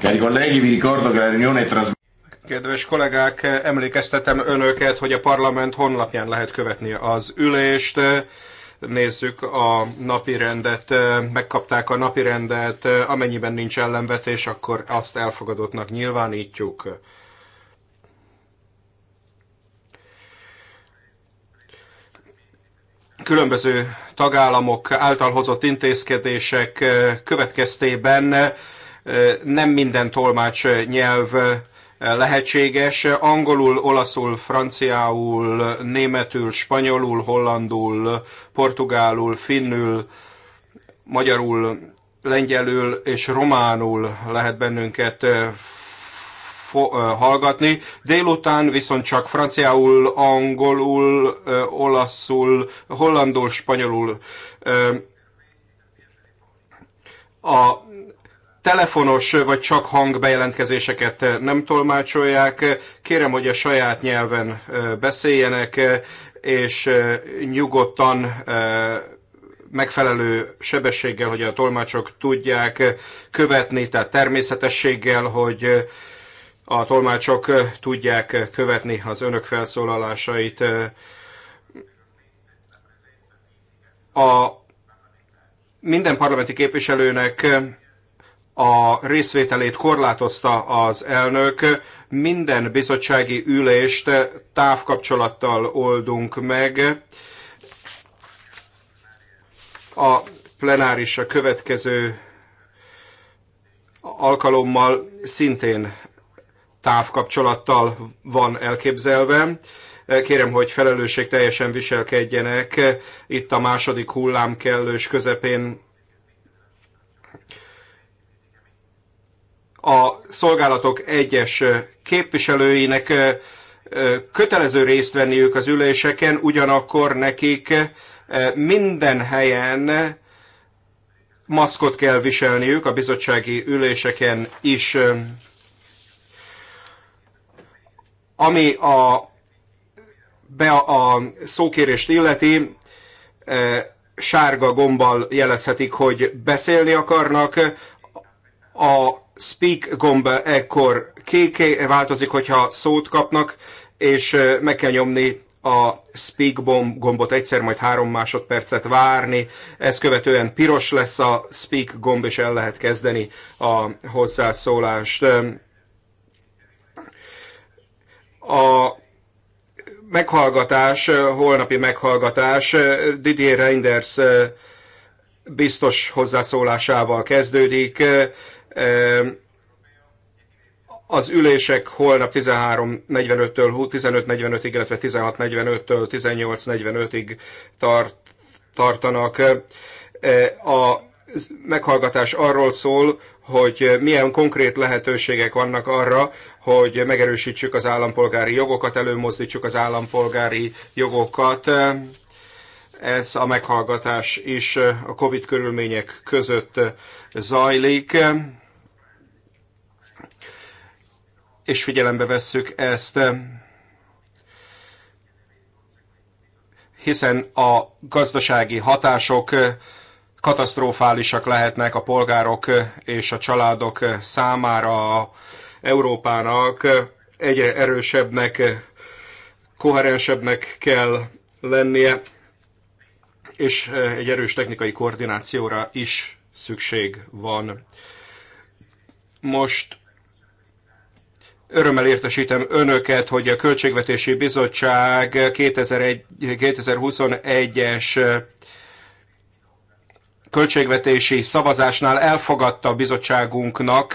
Cari colleghi, vi ricordo che la riunione è trasmessa. Kedves kollégák, emlékeztetem önöket, hogy a parlament honlapján lehet követni az ülést. Nézzük a napi rendet, megkapták a napi rendet, amennyiben nincs ellenvetés, akkor azt elfogadottnak nyilvánítjuk. Különböző tagállamok által hozott intézkedések következtében nem minden tolmács nyelv lehetséges. Angolul, olaszul, franciául, németül, spanyolul, hollandul, portugálul, finnül, magyarul, lengyelül és románul lehet bennünket hallgatni. Délután viszont csak franciául, angolul, olaszul, hollandul, spanyolul. A telefonos vagy csak hangbejelentkezéseket eh, nem tolmácsolják. Kérem, hogy a saját nyelven eh, beszéljenek, eh, és nyugodtan megfelelő sebességgel, hogy a tolmácsok tudják követni, tehát természetességgel, hogy a tolmácsok tudják követni az önök felszólalásait. A minden parlamenti képviselőnek a részvételét korlátozta az elnök. Minden bizottsági ülést távkapcsolattal oldunk meg. A plenáris a következő alkalommal szintén távkapcsolattal van elképzelve. Kérem, hogy felelősség teljesen viselkedjenek. Itt a második hullám kellős közepén a szolgálatok egyes képviselőinek kötelező részt venniük az üléseken, ugyanakkor nekik minden helyen maszkot kell viselniük a bizottsági üléseken is. Ami a, be a szókérést illeti, sárga gombbal jelezhetik, hogy beszélni akarnak, a speak gomb ekkor kéké változik, hogyha szót kapnak, és meg kell nyomni a speak bomb gombot egyszer, majd három másodpercet várni, ezt követően piros lesz a speak gomb, és el lehet kezdeni a hozzászólást. A meghallgatás, holnapi meghallgatás Didier Reinders biztos hozzászólásával kezdődik. Az ülések holnap 13.45-től 15.45-ig, illetve 16.45-től 18.45-ig tart, tartanak. A meghallgatás arról szól, hogy milyen konkrét lehetőségek vannak arra, hogy megerősítsük az állampolgári jogokat, előmozdítsuk az állampolgári jogokat. Ez a meghallgatás is a COVID körülmények között zajlik. és figyelembe vesszük ezt, hiszen a gazdasági hatások katasztrofálisak lehetnek a polgárok és a családok számára Európának egyre erősebbnek, koherensebbnek kell lennie, és egy erős technikai koordinációra is szükség van. Most Örömmel értesítem önöket, hogy a Költségvetési Bizottság 2021-es költségvetési szavazásnál elfogadta a bizottságunknak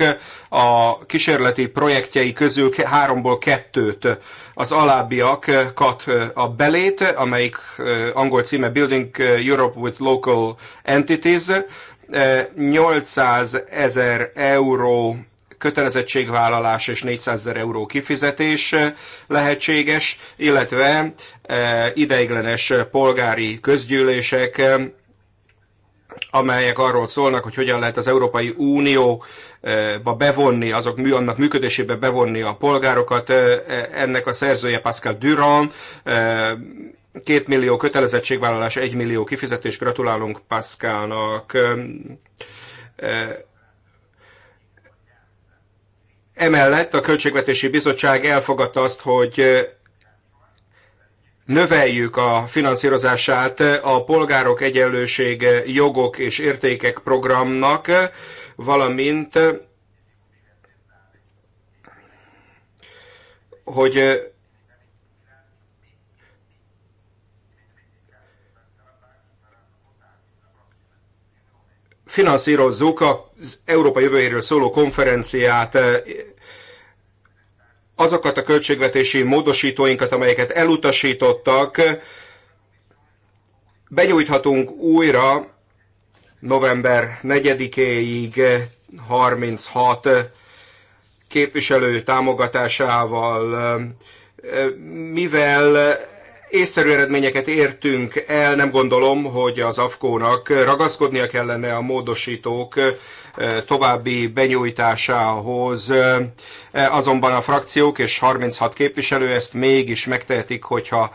a kísérleti projektjei közül háromból kettőt, az alábbiakat a belét, amelyik angol címe Building Europe with Local Entities, 800 ezer euró kötelezettségvállalás és 400 ezer euró kifizetés eh, lehetséges, illetve eh, ideiglenes polgári közgyűlések eh, amelyek arról szólnak, hogy hogyan lehet az Európai Unióba bevonni, azok annak működésébe bevonni a polgárokat. Ennek a szerzője Pascal Durand, két millió kötelezettségvállalás, egy millió kifizetés. Gratulálunk Pascalnak. Emellett a Költségvetési Bizottság elfogadta azt, hogy növeljük a finanszírozását a Polgárok Egyenlőség Jogok és Értékek programnak, valamint hogy finanszírozzuk az Európa jövőjéről szóló konferenciát, azokat a költségvetési módosítóinkat, amelyeket elutasítottak, benyújthatunk újra november 4-éig 36 képviselő támogatásával, mivel észszerű eredményeket értünk el, nem gondolom, hogy az AFKÓ-nak ragaszkodnia kellene a módosítók további benyújtásához. Azonban a frakciók és 36 képviselő ezt mégis megtehetik, hogyha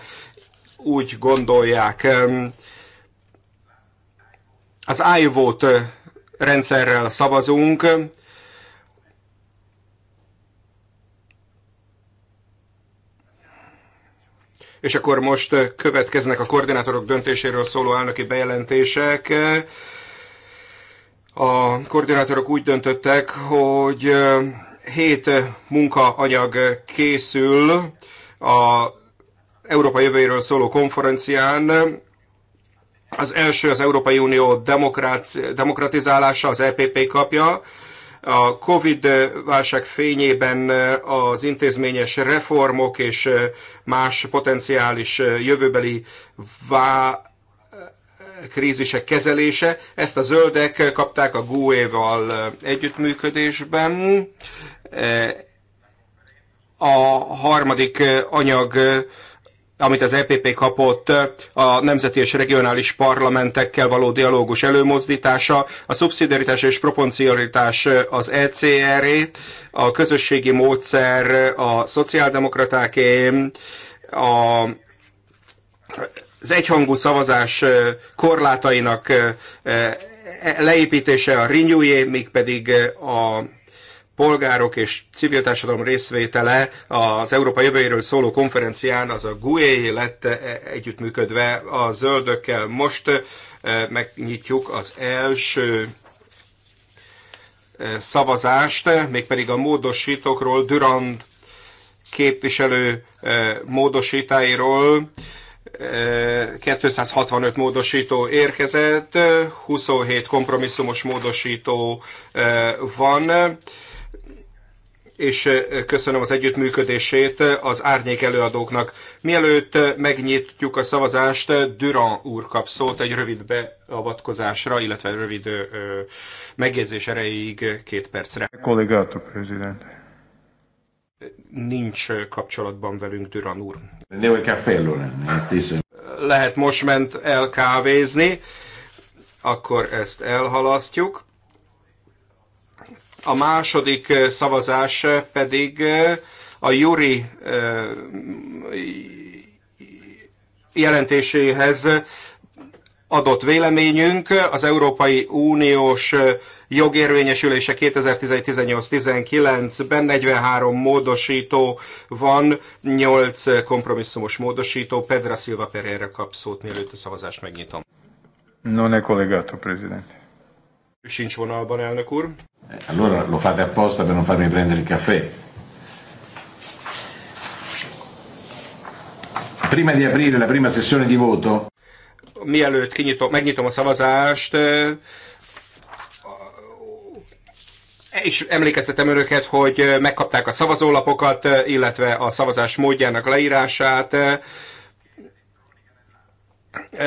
úgy gondolják. Az iVote rendszerrel szavazunk, És akkor most következnek a koordinátorok döntéséről szóló elnöki bejelentések. A koordinátorok úgy döntöttek, hogy hét munkaanyag készül a Európa jövőjéről szóló konferencián. Az első az Európai Unió demokratizálása, az EPP kapja a Covid válság fényében az intézményes reformok és más potenciális jövőbeli vá krízisek kezelése. Ezt a zöldek kapták a GUE-val együttműködésben. A harmadik anyag amit az EPP kapott a nemzeti és regionális parlamentekkel való dialógus előmozdítása, a szubszidiaritás és proporcionalitás az ECR-é, a közösségi módszer a szociáldemokratáké, a az egyhangú szavazás korlátainak leépítése a renew még pedig a polgárok és civil társadalom részvétele az Európa jövőjéről szóló konferencián, az a GUE lett e, együttműködve a zöldökkel. Most e, megnyitjuk az első e, szavazást, mégpedig a módosítókról, Durand képviselő módosítáiról. 265 módosító érkezett, 27 kompromisszumos módosító van és köszönöm az együttműködését az árnyék előadóknak. Mielőtt megnyitjuk a szavazást, Durand úr kap szót egy rövid beavatkozásra, illetve rövid ö, megjegyzés erejéig két percre. Kollégátok, prezident. Nincs kapcsolatban velünk Durand úr. Hát Lehet most ment el kávézni, akkor ezt elhalasztjuk. A második szavazás pedig a Juri jelentéséhez adott véleményünk az Európai Uniós jogérvényesülése 2018-19-ben 43 módosító van, 8 kompromisszumos módosító. Pedra Silva Pereira kap szót, mielőtt a szavazást megnyitom. No, ne kollégátok, prezident. Sincs vonalban, elnök úr. Allora lo fate apposta per non farmi prendere il caffè. Prima di aprire la prima sessione di voto. Mielőtt kinyitom, megnyitom a szavazást, eh, eh, és emlékeztetem önöket, hogy eh, megkapták a szavazólapokat, illetve a szavazás módjának leírását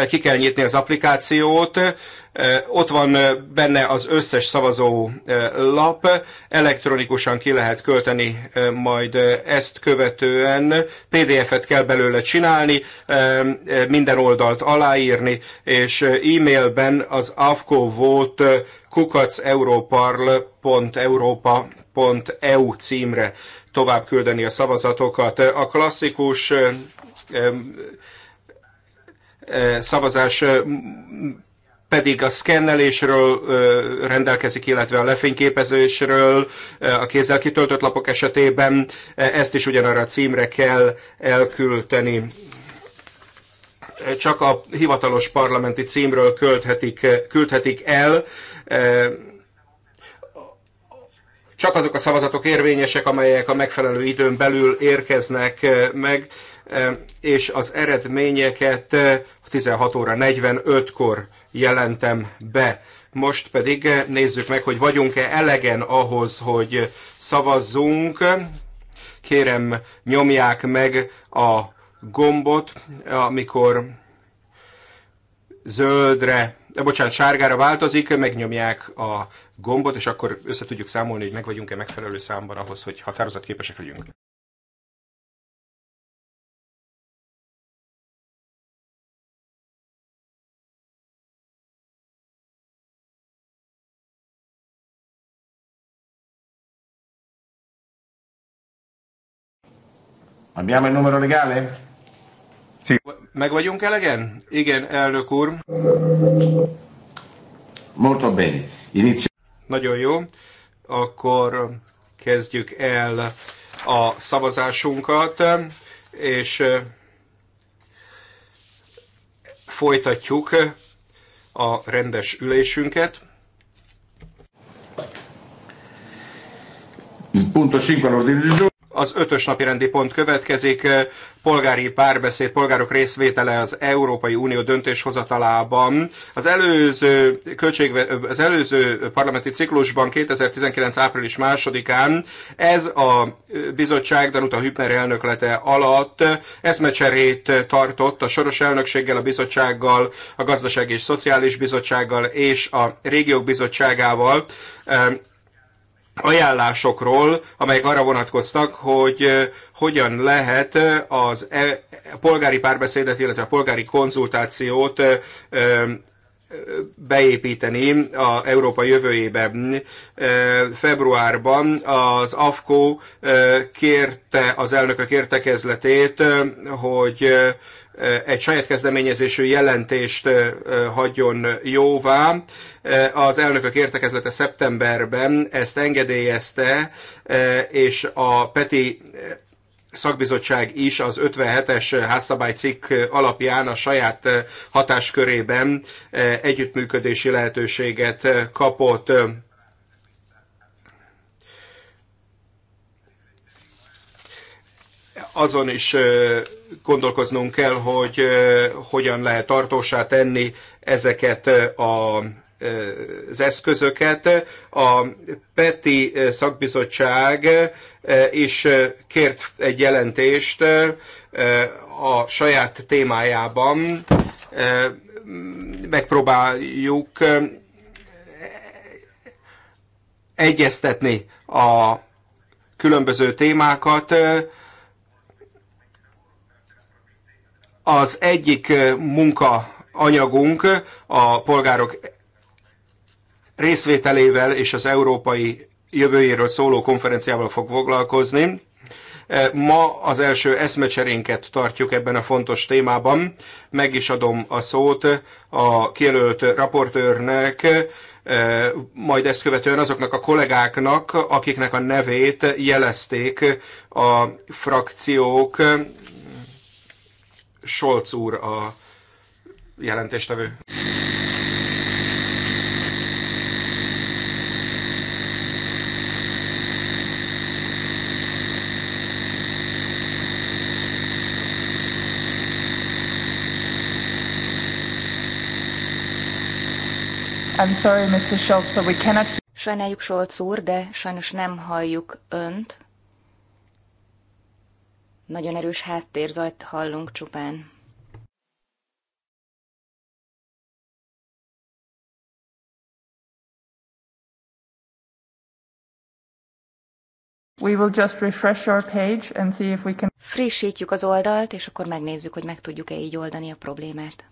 ki kell nyitni az applikációt, ott van benne az összes szavazó lap, elektronikusan ki lehet költeni majd ezt követően, PDF-et kell belőle csinálni, minden oldalt aláírni, és e-mailben az AFCO kukaceuroparl.europa.eu címre tovább küldeni a szavazatokat. A klasszikus szavazás pedig a szkennelésről rendelkezik, illetve a lefényképezésről, a kézzel kitöltött lapok esetében ezt is ugyanarra a címre kell elküldeni. Csak a hivatalos parlamenti címről küldhetik, küldhetik el csak azok a szavazatok érvényesek, amelyek a megfelelő időn belül érkeznek meg és az eredményeket 16 óra 45-kor jelentem be. Most pedig nézzük meg, hogy vagyunk-e elegen ahhoz, hogy szavazzunk. Kérem, nyomják meg a gombot, amikor zöldre, eh, bocsánat, sárgára változik, megnyomják a gombot, és akkor össze tudjuk számolni, hogy meg vagyunk-e megfelelő számban ahhoz, hogy határozatképesek legyünk. Abbiamo il numero legale? Sì. Meg vagyunk elegen? Igen, elnök úr. Molto bene. Inizio. Nagyon jó. Akkor kezdjük el a szavazásunkat, és folytatjuk a rendes ülésünket. Punto 5 all'ordine del giorno. Az ötös napi rendi pont következik, eh, polgári párbeszéd, polgárok részvétele az Európai Unió döntéshozatalában. Az előző, költség, az előző parlamenti ciklusban 2019. április másodikán ez a bizottság Danuta Hübner elnöklete alatt eszmecserét tartott a soros elnökséggel, a bizottsággal, a gazdasági és szociális bizottsággal és a régiók bizottságával eh, ajánlásokról, amelyek arra vonatkoztak, hogy hogyan lehet az e, polgári párbeszédet, illetve a polgári konzultációt beépíteni a Európa jövőjében. Februárban az AFKO kérte az elnökök értekezletét, hogy egy saját kezdeményezésű jelentést hagyjon jóvá. Az elnökök értekezlete szeptemberben ezt engedélyezte, és a Peti szakbizottság is az 57-es házszabálycikk alapján a saját eh, hatáskörében eh, együttműködési lehetőséget eh, kapott. Azon is gondolkoznunk kell, hogy hogyan lehet tartósá tenni ezeket a az eszközöket. A PETI szakbizottság e, is e, kért egy jelentést e, a saját témájában. Megpróbáljuk egyeztetni a különböző témákat. Az egyik munka anyagunk a polgárok részvételével és az európai jövőjéről szóló konferenciával fog foglalkozni. E, ma az első eszmecserénket tartjuk ebben a fontos témában. Meg is adom a szót a kijelölt raportőrnek, e, majd ezt követően azoknak a kollégáknak, akiknek a nevét jelezték a frakciók. Scholz úr a jelentéstevő. I'm sorry, Mr. but we cannot... Sajnáljuk, Scholz úr, de sajnos nem halljuk önt. Nagyon erős háttérzajt hallunk csupán. We will just refresh our page and see if we can... Frissítjük az oldalt, és akkor megnézzük, hogy meg tudjuk-e így oldani a problémát.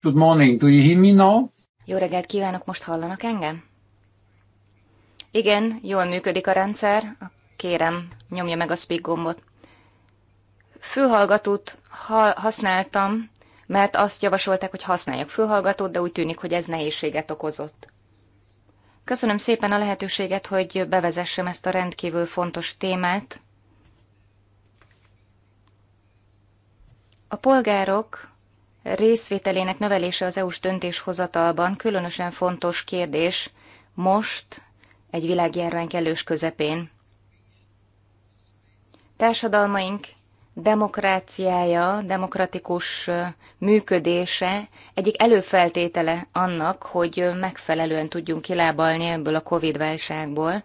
Good morning. Do you hear me now? Jó reggelt kívánok, most hallanak engem? Igen, jól működik a rendszer. Kérem, nyomja meg a speak gombot. Fülhallgatót ha- használtam, mert azt javasolták, hogy használjak fülhallgatót, de úgy tűnik, hogy ez nehézséget okozott. Köszönöm szépen a lehetőséget, hogy bevezessem ezt a rendkívül fontos témát. A polgárok részvételének növelése az EU-s döntéshozatalban különösen fontos kérdés most, egy világjárvány kellős közepén. Társadalmaink demokráciája, demokratikus működése egyik előfeltétele annak, hogy megfelelően tudjunk kilábalni ebből a COVID-válságból.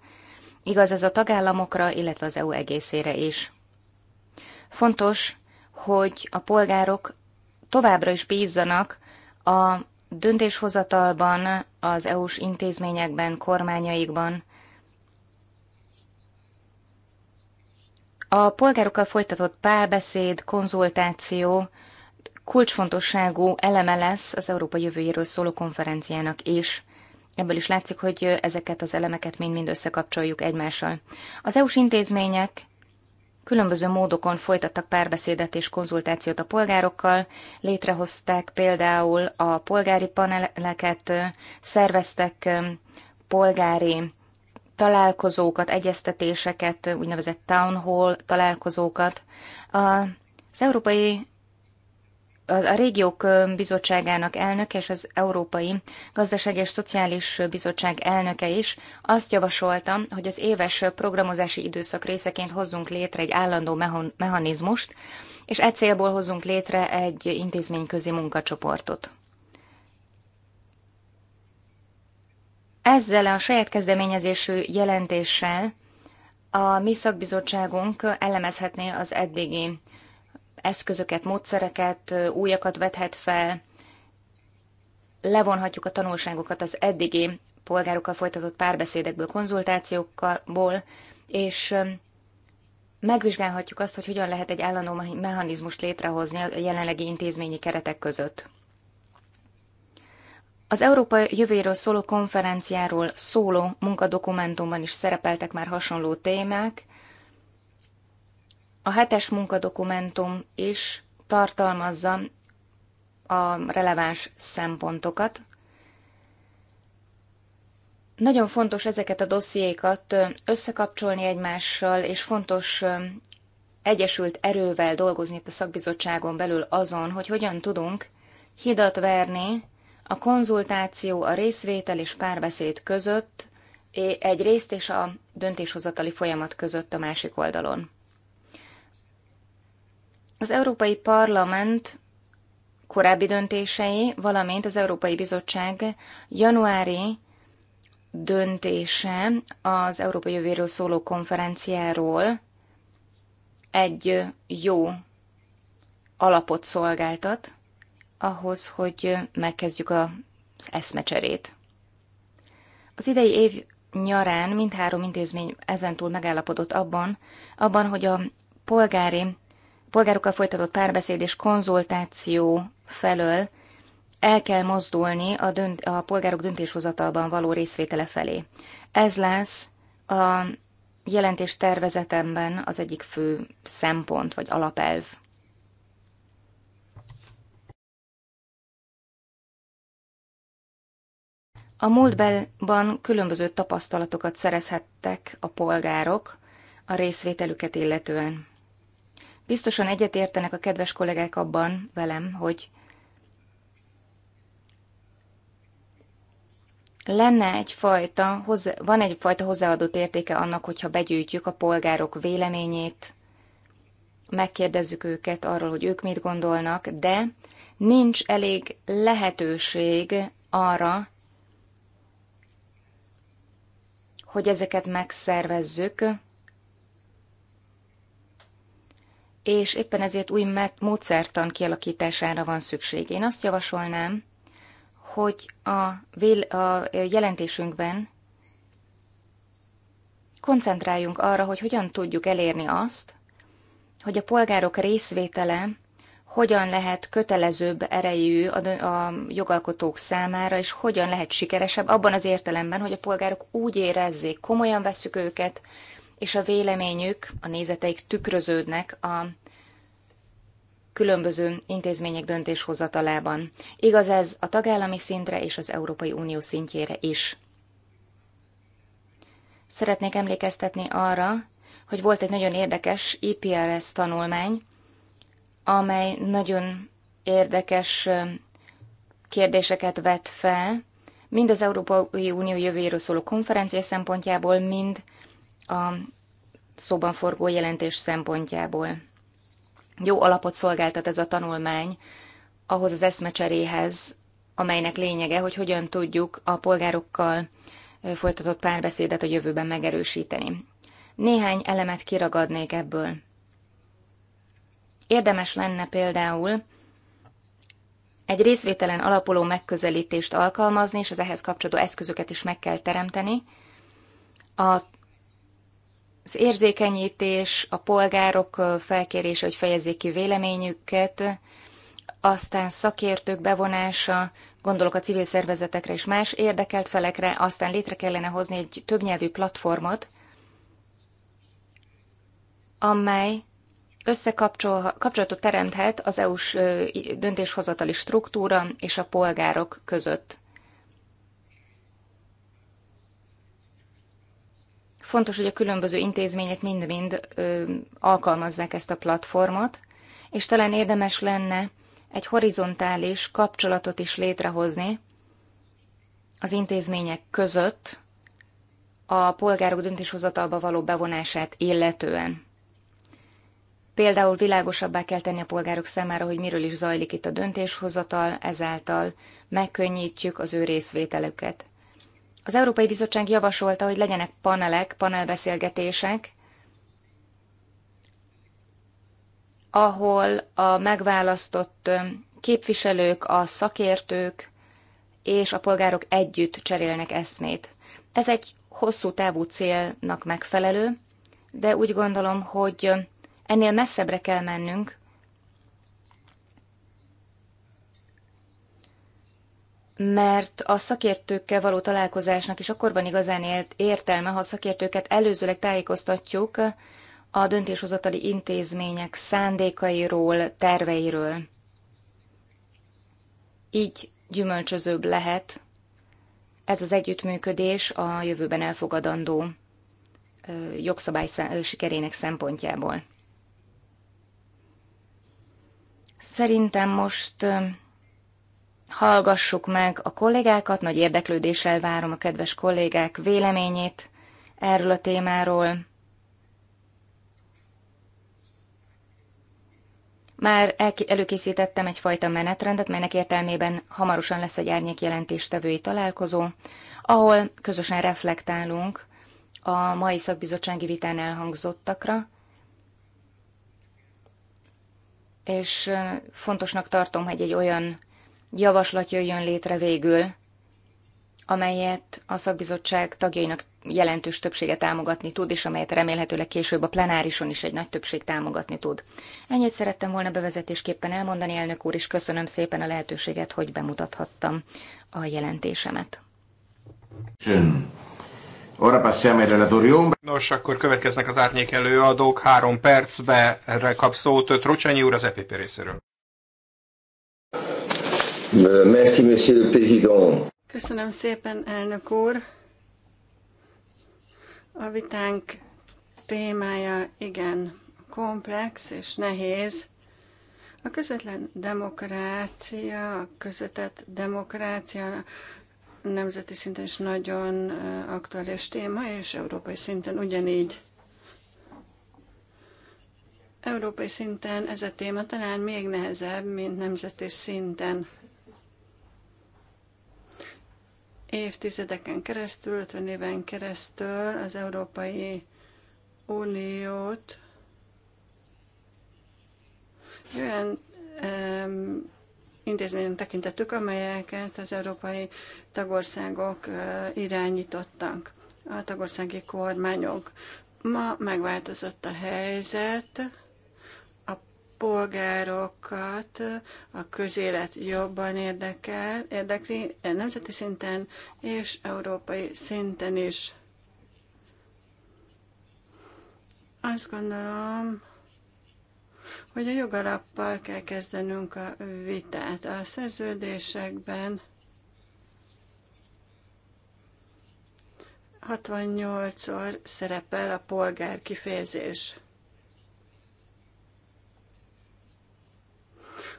Igaz ez a tagállamokra, illetve az EU egészére is. Fontos, hogy a polgárok továbbra is bízzanak a döntéshozatalban, az EU-s intézményekben, kormányaikban. A polgárokkal folytatott párbeszéd, konzultáció kulcsfontosságú eleme lesz az Európa jövőjéről szóló konferenciának is. Ebből is látszik, hogy ezeket az elemeket mind-mind összekapcsoljuk egymással. Az EU-s intézmények Különböző módokon folytattak párbeszédet és konzultációt a polgárokkal, létrehozták például a polgári paneleket, szerveztek um, polgári találkozókat, egyeztetéseket, úgynevezett town hall találkozókat. Az Európai a régiók bizottságának elnöke és az Európai Gazdasági és Szociális Bizottság elnöke is azt javasolta, hogy az éves programozási időszak részeként hozzunk létre egy állandó mechanizmust, és e célból hozzunk létre egy intézményközi munkacsoportot. Ezzel a saját kezdeményezésű jelentéssel a mi szakbizottságunk elemezhetné az eddigi eszközöket, módszereket, újakat vethet fel, levonhatjuk a tanulságokat az eddigi polgárokkal folytatott párbeszédekből, konzultációkból, és megvizsgálhatjuk azt, hogy hogyan lehet egy állandó mechanizmust létrehozni a jelenlegi intézményi keretek között. Az Európa jövőjéről szóló konferenciáról szóló munkadokumentumban is szerepeltek már hasonló témák, a hetes munkadokumentum is tartalmazza a releváns szempontokat. Nagyon fontos ezeket a dossziékat összekapcsolni egymással, és fontos egyesült erővel dolgozni itt a szakbizottságon belül azon, hogy hogyan tudunk hidat verni a konzultáció, a részvétel és párbeszéd között, egy részt és a döntéshozatali folyamat között a másik oldalon. Az Európai Parlament korábbi döntései, valamint az Európai Bizottság januári döntése az Európai Jövőről szóló konferenciáról egy jó alapot szolgáltat ahhoz, hogy megkezdjük az eszmecserét. Az idei év nyarán mindhárom intézmény ezentúl megállapodott abban, abban, hogy a polgári polgárokkal folytatott párbeszéd és konzultáció felől el kell mozdulni a, dönt, a polgárok döntéshozatalban való részvétele felé. Ez lesz a jelentés tervezetemben az egyik fő szempont vagy alapelv. A múltban különböző tapasztalatokat szerezhettek a polgárok a részvételüket illetően. Biztosan egyetértenek a kedves kollégák abban velem, hogy lenne egyfajta, van egyfajta hozzáadott értéke annak, hogyha begyűjtjük a polgárok véleményét, megkérdezzük őket arról, hogy ők mit gondolnak, de nincs elég lehetőség arra, hogy ezeket megszervezzük, és éppen ezért új módszertan kialakítására van szükség. Én azt javasolnám, hogy a, vél- a jelentésünkben koncentráljunk arra, hogy hogyan tudjuk elérni azt, hogy a polgárok részvétele hogyan lehet kötelezőbb erejű a, a jogalkotók számára, és hogyan lehet sikeresebb abban az értelemben, hogy a polgárok úgy érezzék, komolyan veszük őket, és a véleményük, a nézeteik tükröződnek a különböző intézmények döntéshozatalában. Igaz ez a tagállami szintre és az Európai Unió szintjére is. Szeretnék emlékeztetni arra, hogy volt egy nagyon érdekes IPRS tanulmány, amely nagyon érdekes kérdéseket vet fel, mind az Európai Unió jövőjéről szóló konferencia szempontjából, mind a szóban forgó jelentés szempontjából. Jó alapot szolgáltat ez a tanulmány ahhoz az eszmecseréhez, amelynek lényege, hogy hogyan tudjuk a polgárokkal folytatott párbeszédet a jövőben megerősíteni. Néhány elemet kiragadnék ebből. Érdemes lenne például egy részvételen alapuló megközelítést alkalmazni, és az ehhez kapcsolódó eszközöket is meg kell teremteni. A az érzékenyítés, a polgárok felkérése, hogy fejezzék ki véleményüket, aztán szakértők bevonása, gondolok a civil szervezetekre és más érdekelt felekre, aztán létre kellene hozni egy többnyelvű platformot, amely összekapcsolatot teremthet az EU-s döntéshozatali struktúra és a polgárok között. Fontos, hogy a különböző intézmények mind-mind alkalmazzák ezt a platformot, és talán érdemes lenne egy horizontális kapcsolatot is létrehozni az intézmények között a polgárok döntéshozatalba való bevonását illetően. Például világosabbá kell tenni a polgárok számára, hogy miről is zajlik itt a döntéshozatal, ezáltal megkönnyítjük az ő részvételüket. Az Európai Bizottság javasolta, hogy legyenek panelek, panelbeszélgetések, ahol a megválasztott képviselők, a szakértők és a polgárok együtt cserélnek eszmét. Ez egy hosszú távú célnak megfelelő, de úgy gondolom, hogy ennél messzebbre kell mennünk, mert a szakértőkkel való találkozásnak is akkor van igazán ért értelme, ha a szakértőket előzőleg tájékoztatjuk a döntéshozatali intézmények szándékairól, terveiről. Így gyümölcsözőbb lehet ez az együttműködés a jövőben elfogadandó jogszabály sikerének szempontjából. Szerintem most hallgassuk meg a kollégákat, nagy érdeklődéssel várom a kedves kollégák véleményét erről a témáról. Már előkészítettem egyfajta menetrendet, melynek értelmében hamarosan lesz egy árnyék jelentéstevői találkozó, ahol közösen reflektálunk a mai szakbizottsági vitán elhangzottakra, és fontosnak tartom, hogy egy olyan javaslat jöjjön létre végül, amelyet a szakbizottság tagjainak jelentős többsége támogatni tud, és amelyet remélhetőleg később a plenárison is egy nagy többség támogatni tud. Ennyit szerettem volna bevezetésképpen elmondani, elnök úr, és köszönöm szépen a lehetőséget, hogy bemutathattam a jelentésemet. Nos, akkor következnek az árnyék előadók. Három percbe erre kap szót Trocsányi úr az EPP részéről. Euh, merci, Monsieur le Président. Köszönöm szépen, elnök úr. A vitánk témája igen komplex és nehéz. A közvetlen demokrácia, a közvetett demokrácia nemzeti szinten is nagyon uh, aktuális téma, és európai szinten ugyanígy. Európai szinten ez a téma talán még nehezebb, mint nemzeti szinten. évtizedeken keresztül, 50 éven keresztül az Európai Uniót olyan um, intézményen tekintettük, amelyeket az európai tagországok irányítottak, a tagországi kormányok. Ma megváltozott a helyzet, polgárokat a közélet jobban érdekel, érdekli e nemzeti szinten és európai szinten is. Azt gondolom, hogy a jogalappal kell kezdenünk a vitát. A szerződésekben 68-szor szerepel a polgár kifejezés.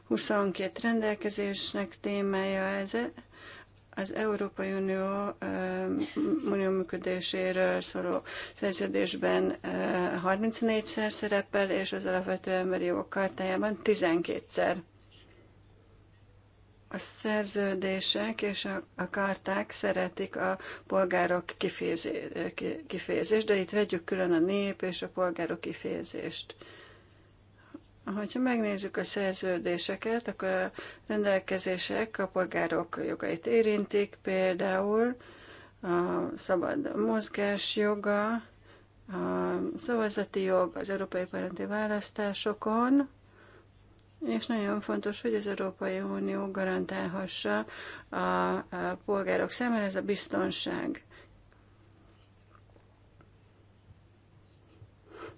22 rendelkezésnek témája ez. Az Európai Unió, Unió működéséről szóló szerződésben 34-szer szerepel, és az alapvető emberi jogok kartájában 12-szer. A szerződések és a, a karták szeretik a polgárok kifézé, kifézést, de itt vegyük külön a nép és a polgárok kifézést. Ha megnézzük a szerződéseket, akkor a rendelkezések a polgárok jogait érintik, például a szabad mozgás joga, a szavazati jog az európai parlamenti választásokon, és nagyon fontos, hogy az Európai Unió garantálhassa a, a polgárok számára ez a biztonság.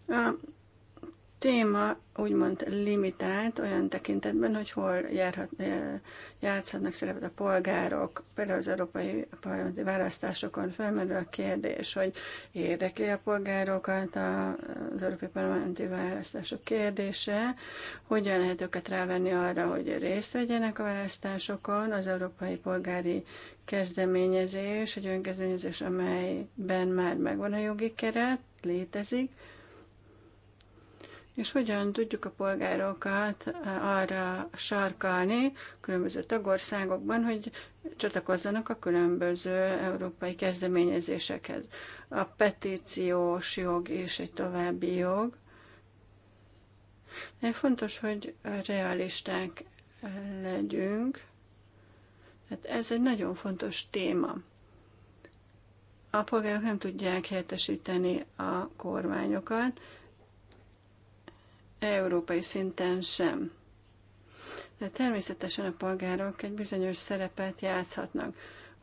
A téma úgymond limitált olyan tekintetben, hogy hol járhat, eh, játszhatnak szerepet a polgárok. Például az európai parlamenti választásokon felmerül a kérdés, hogy érdekli a polgárokat az európai parlamenti választások kérdése, hogyan lehet őket rávenni arra, hogy részt vegyenek a választásokon, az európai polgári kezdeményezés, egy önkezdeményezés, amelyben már megvan a jogi keret, létezik, és hogyan tudjuk a polgárokat eh, arra sarkalni különböző tagországokban, hogy csatlakozzanak a különböző európai kezdeményezésekhez. A petíciós jog és egy további jog. De fontos, hogy realisták eh, legyünk. Hát ez egy nagyon fontos téma. A polgárok nem tudják helyettesíteni a kormányokat, európai szinten sem. De természetesen a polgárok egy bizonyos szerepet játszhatnak.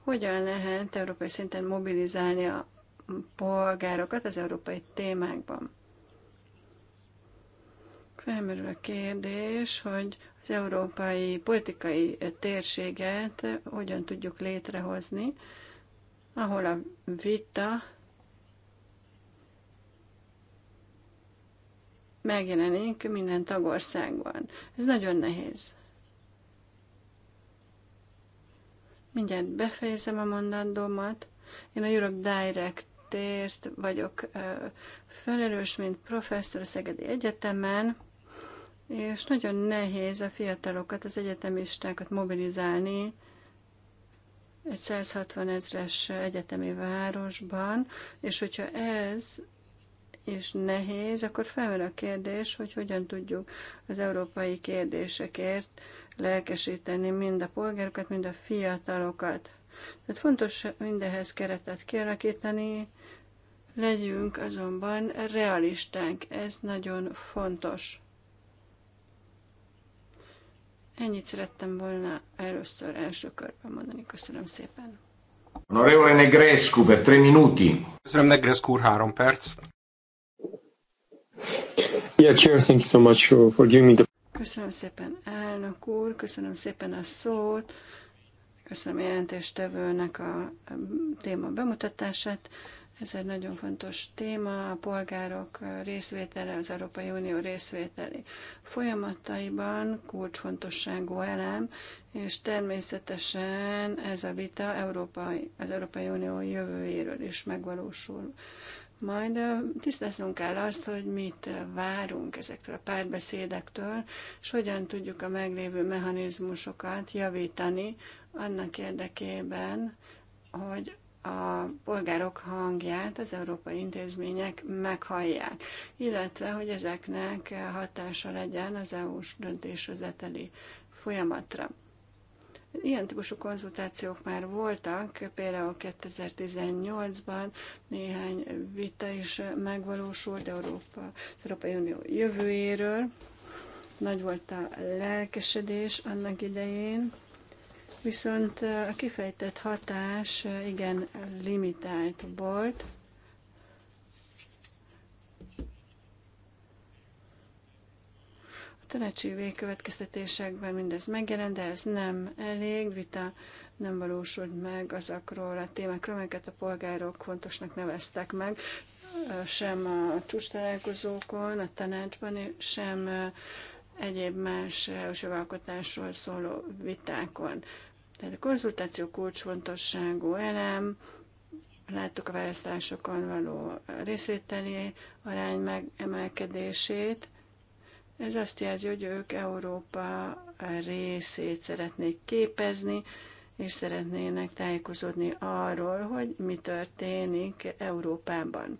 Hogyan lehet európai szinten mobilizálni a polgárokat az európai témákban? Felmerül a kérdés, hogy az európai politikai térséget hogyan tudjuk létrehozni, ahol a vita megjelenik minden tagországban. Ez nagyon nehéz. Mindjárt befejezem a mondandómat. Én a Europe Directért vagyok felelős, mint professzor a Szegedi Egyetemen, és nagyon nehéz a fiatalokat, az egyetemistákat mobilizálni egy 160 ezres egyetemi városban, és hogyha ez és nehéz, akkor felmerül a kérdés, hogy hogyan tudjuk az európai kérdésekért lelkesíteni mind a polgárokat, mind a fiatalokat. Tehát fontos mindehhez keretet kialakítani, legyünk azonban realistánk, ez nagyon fontos. Ennyit szerettem volna először első körben mondani. Köszönöm szépen. Onorevole Negrescu, per 3 minuti. Köszönöm, Negrescu úr, 3 perc. Yeah, Chair, thank you so much for giving me the... Köszönöm szépen, elnök úr, köszönöm szépen a szót, köszönöm jelentéstevőnek a téma bemutatását. Ez egy nagyon fontos téma, a polgárok részvétele, az Európai Unió részvételi folyamataiban kulcsfontosságú elem, és természetesen ez a vita Európai, az Európai Unió jövőjéről is megvalósul. Majd tisztáznunk el azt, hogy mit várunk ezektől a párbeszédektől, és hogyan tudjuk a meglévő mechanizmusokat javítani annak érdekében, hogy a polgárok hangját az európai intézmények meghallják, illetve hogy ezeknek hatása legyen az EU-s döntéshozeteli folyamatra. Ilyen típusú konzultációk már voltak, például 2018-ban néhány vita is megvalósult Európa, Európai Unió jövőjéről. Nagy volt a lelkesedés annak idején, viszont a kifejtett hatás igen limitált volt. Tanácsi következtetésekben mindez megjelent, de ez nem elég, vita nem valósult meg azokról a témákról, amelyeket a polgárok fontosnak neveztek meg, sem a csúcs találkozókon, a tanácsban, sem egyéb más jogalkotásról szóló vitákon. Tehát a konzultáció kulcsfontosságú elem, láttuk a választásokon való részvételi arány megemelkedését, ez azt jelzi, hogy ők Európa részét szeretnék képezni, és szeretnének tájékozódni arról, hogy mi történik Európában.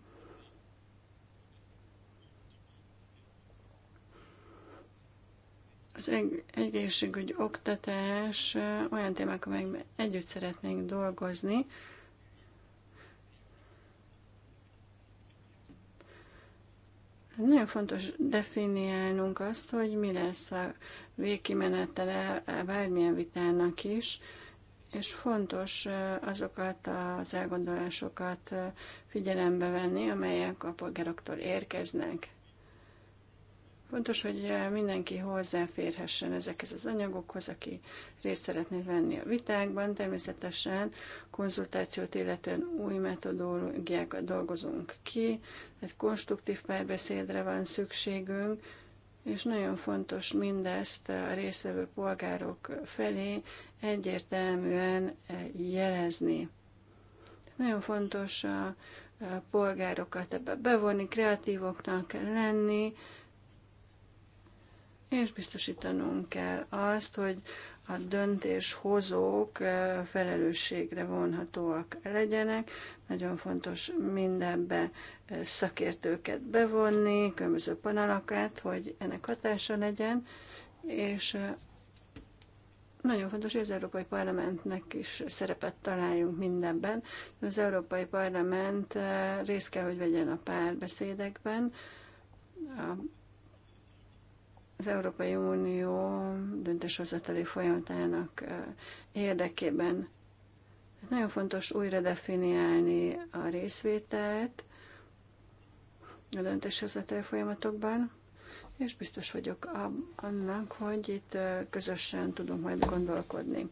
Az egészségügy, oktatás olyan témák, amelyekben együtt szeretnénk dolgozni, Nagyon fontos definiálnunk azt, hogy mi lesz a végkimenetele bármilyen vitának is, és fontos azokat az elgondolásokat figyelembe venni, amelyek a polgároktól érkeznek. Fontos, hogy eh, mindenki hozzáférhessen ezekhez az anyagokhoz, aki részt szeretné venni a vitákban. Természetesen konzultációt illetően új metodológiákat dolgozunk ki, egy konstruktív párbeszédre van szükségünk, és nagyon fontos mindezt a részvevő polgárok felé egyértelműen eh, jelezni. Nagyon fontos a polgárokat ebbe bevonni, kreatívoknak lenni, és biztosítanunk kell azt, hogy a döntéshozók eh, felelősségre vonhatóak legyenek. Nagyon fontos mindenbe eh, szakértőket bevonni, különböző panelakat, hogy ennek hatása legyen, és eh, nagyon fontos, hogy az Európai Parlamentnek is szerepet találjunk mindenben. Az Európai Parlament részt kell, hogy vegyen a párbeszédekben, a az Európai Unió döntéshozatali folyamatának érdekében. Hát nagyon fontos újra definiálni a részvételt a döntéshozatali folyamatokban, és biztos vagyok annak, hogy itt közösen tudunk majd gondolkodni.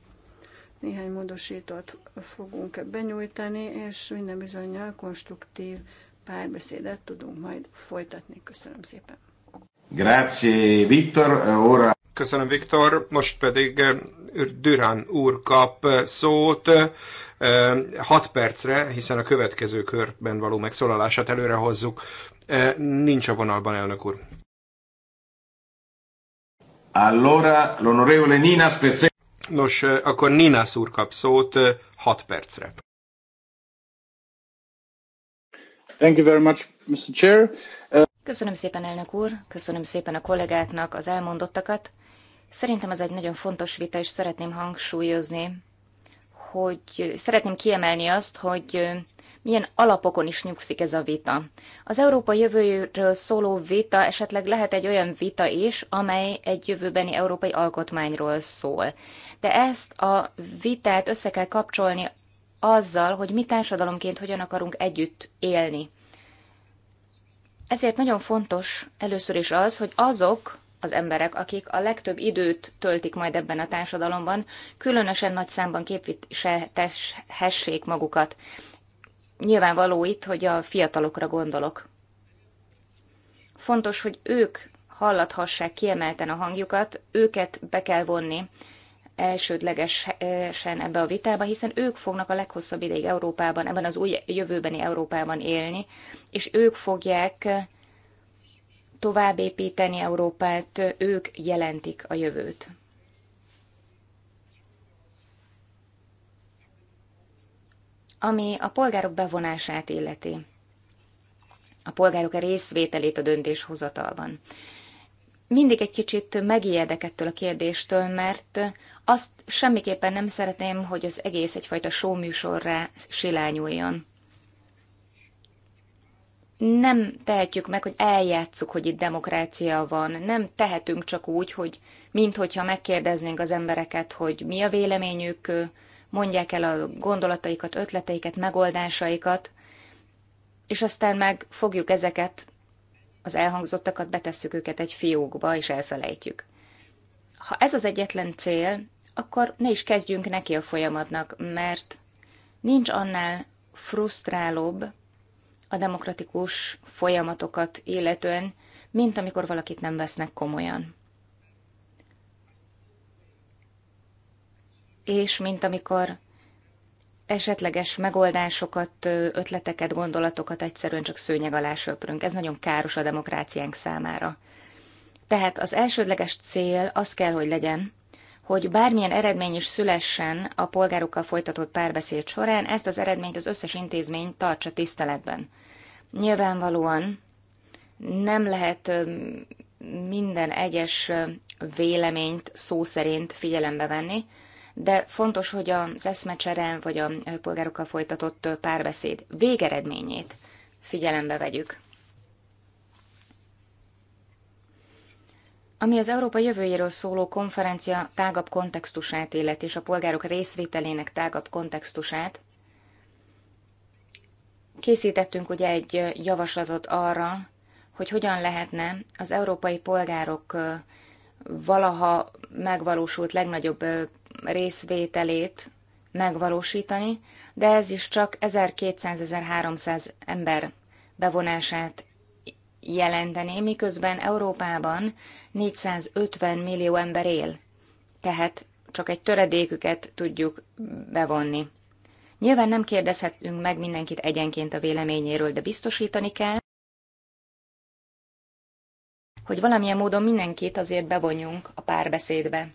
Néhány módosítót fogunk benyújtani, és minden bizonyal konstruktív párbeszédet tudunk majd folytatni. Köszönöm szépen! Grazie, Viktor. Ora... Köszönöm, Viktor. Most pedig eh, Durán úr kap eh, szót 6 eh, percre, hiszen a következő körben való megszólalását előre hozzuk. Nincs a vonalban, elnök úr. Allora, l'onorevole Nina Spezze... Nos, akkor Nina úr kap szót 6 percre. Thank you very much, Mr. Chair. Uh... Köszönöm szépen, elnök úr, köszönöm szépen a kollégáknak az elmondottakat. Szerintem ez egy nagyon fontos vita, és szeretném hangsúlyozni, hogy szeretném kiemelni azt, hogy milyen alapokon is nyugszik ez a vita. Az Európa jövőjéről szóló vita esetleg lehet egy olyan vita is, amely egy jövőbeni európai alkotmányról szól. De ezt a vitát össze kell kapcsolni azzal, hogy mi társadalomként hogyan akarunk együtt élni. Ezért nagyon fontos először is az, hogy azok az emberek, akik a legtöbb időt töltik majd ebben a társadalomban, különösen nagy számban képviselhessék magukat. Nyilvánvaló itt, hogy a fiatalokra gondolok. Fontos, hogy ők hallathassák kiemelten a hangjukat, őket be kell vonni elsődlegesen ebbe a vitába, hiszen ők fognak a leghosszabb ideig Európában, ebben az új jövőbeni Európában élni, és ők fogják továbbépíteni Európát, ők jelentik a jövőt. Ami a polgárok bevonását illeti, a polgárok a részvételét a döntéshozatalban mindig egy kicsit megijedek ettől a kérdéstől, mert azt semmiképpen nem szeretném, hogy az egész egyfajta showműsorra silányuljon. Nem tehetjük meg, hogy eljátszuk, hogy itt demokrácia van. Nem tehetünk csak úgy, hogy minthogyha megkérdeznénk az embereket, hogy mi a véleményük, mondják el a gondolataikat, ötleteiket, megoldásaikat, és aztán meg fogjuk ezeket, az elhangzottakat, betesszük őket egy fiókba, és elfelejtjük. Ha ez az egyetlen cél, akkor ne is kezdjünk neki a folyamatnak, mert nincs annál frusztrálóbb a demokratikus folyamatokat illetően, mint amikor valakit nem vesznek komolyan. És mint amikor esetleges megoldásokat, ötleteket, gondolatokat egyszerűen csak szőnyeg alá söprünk. Ez nagyon káros a demokráciánk számára. Tehát az elsődleges cél az kell, hogy legyen, hogy bármilyen eredmény is szülessen a polgárokkal folytatott párbeszéd során, ezt az eredményt az összes intézmény tartsa tiszteletben. Nyilvánvalóan nem lehet minden egyes véleményt szó szerint figyelembe venni, de fontos, hogy az eszmecsere vagy a polgárokkal folytatott párbeszéd végeredményét figyelembe vegyük. Ami az Európa jövőjéről szóló konferencia tágabb kontextusát illeti, és a polgárok részvételének tágabb kontextusát, készítettünk ugye egy javaslatot arra, hogy hogyan lehetne az európai polgárok valaha megvalósult legnagyobb részvételét megvalósítani, de ez is csak 1200-1300 ember bevonását jelenteni, miközben Európában 450 millió ember él, tehát csak egy töredéküket tudjuk bevonni. Nyilván nem kérdezhetünk meg mindenkit egyenként a véleményéről, de biztosítani kell, hogy valamilyen módon mindenkit azért bevonjunk a párbeszédbe.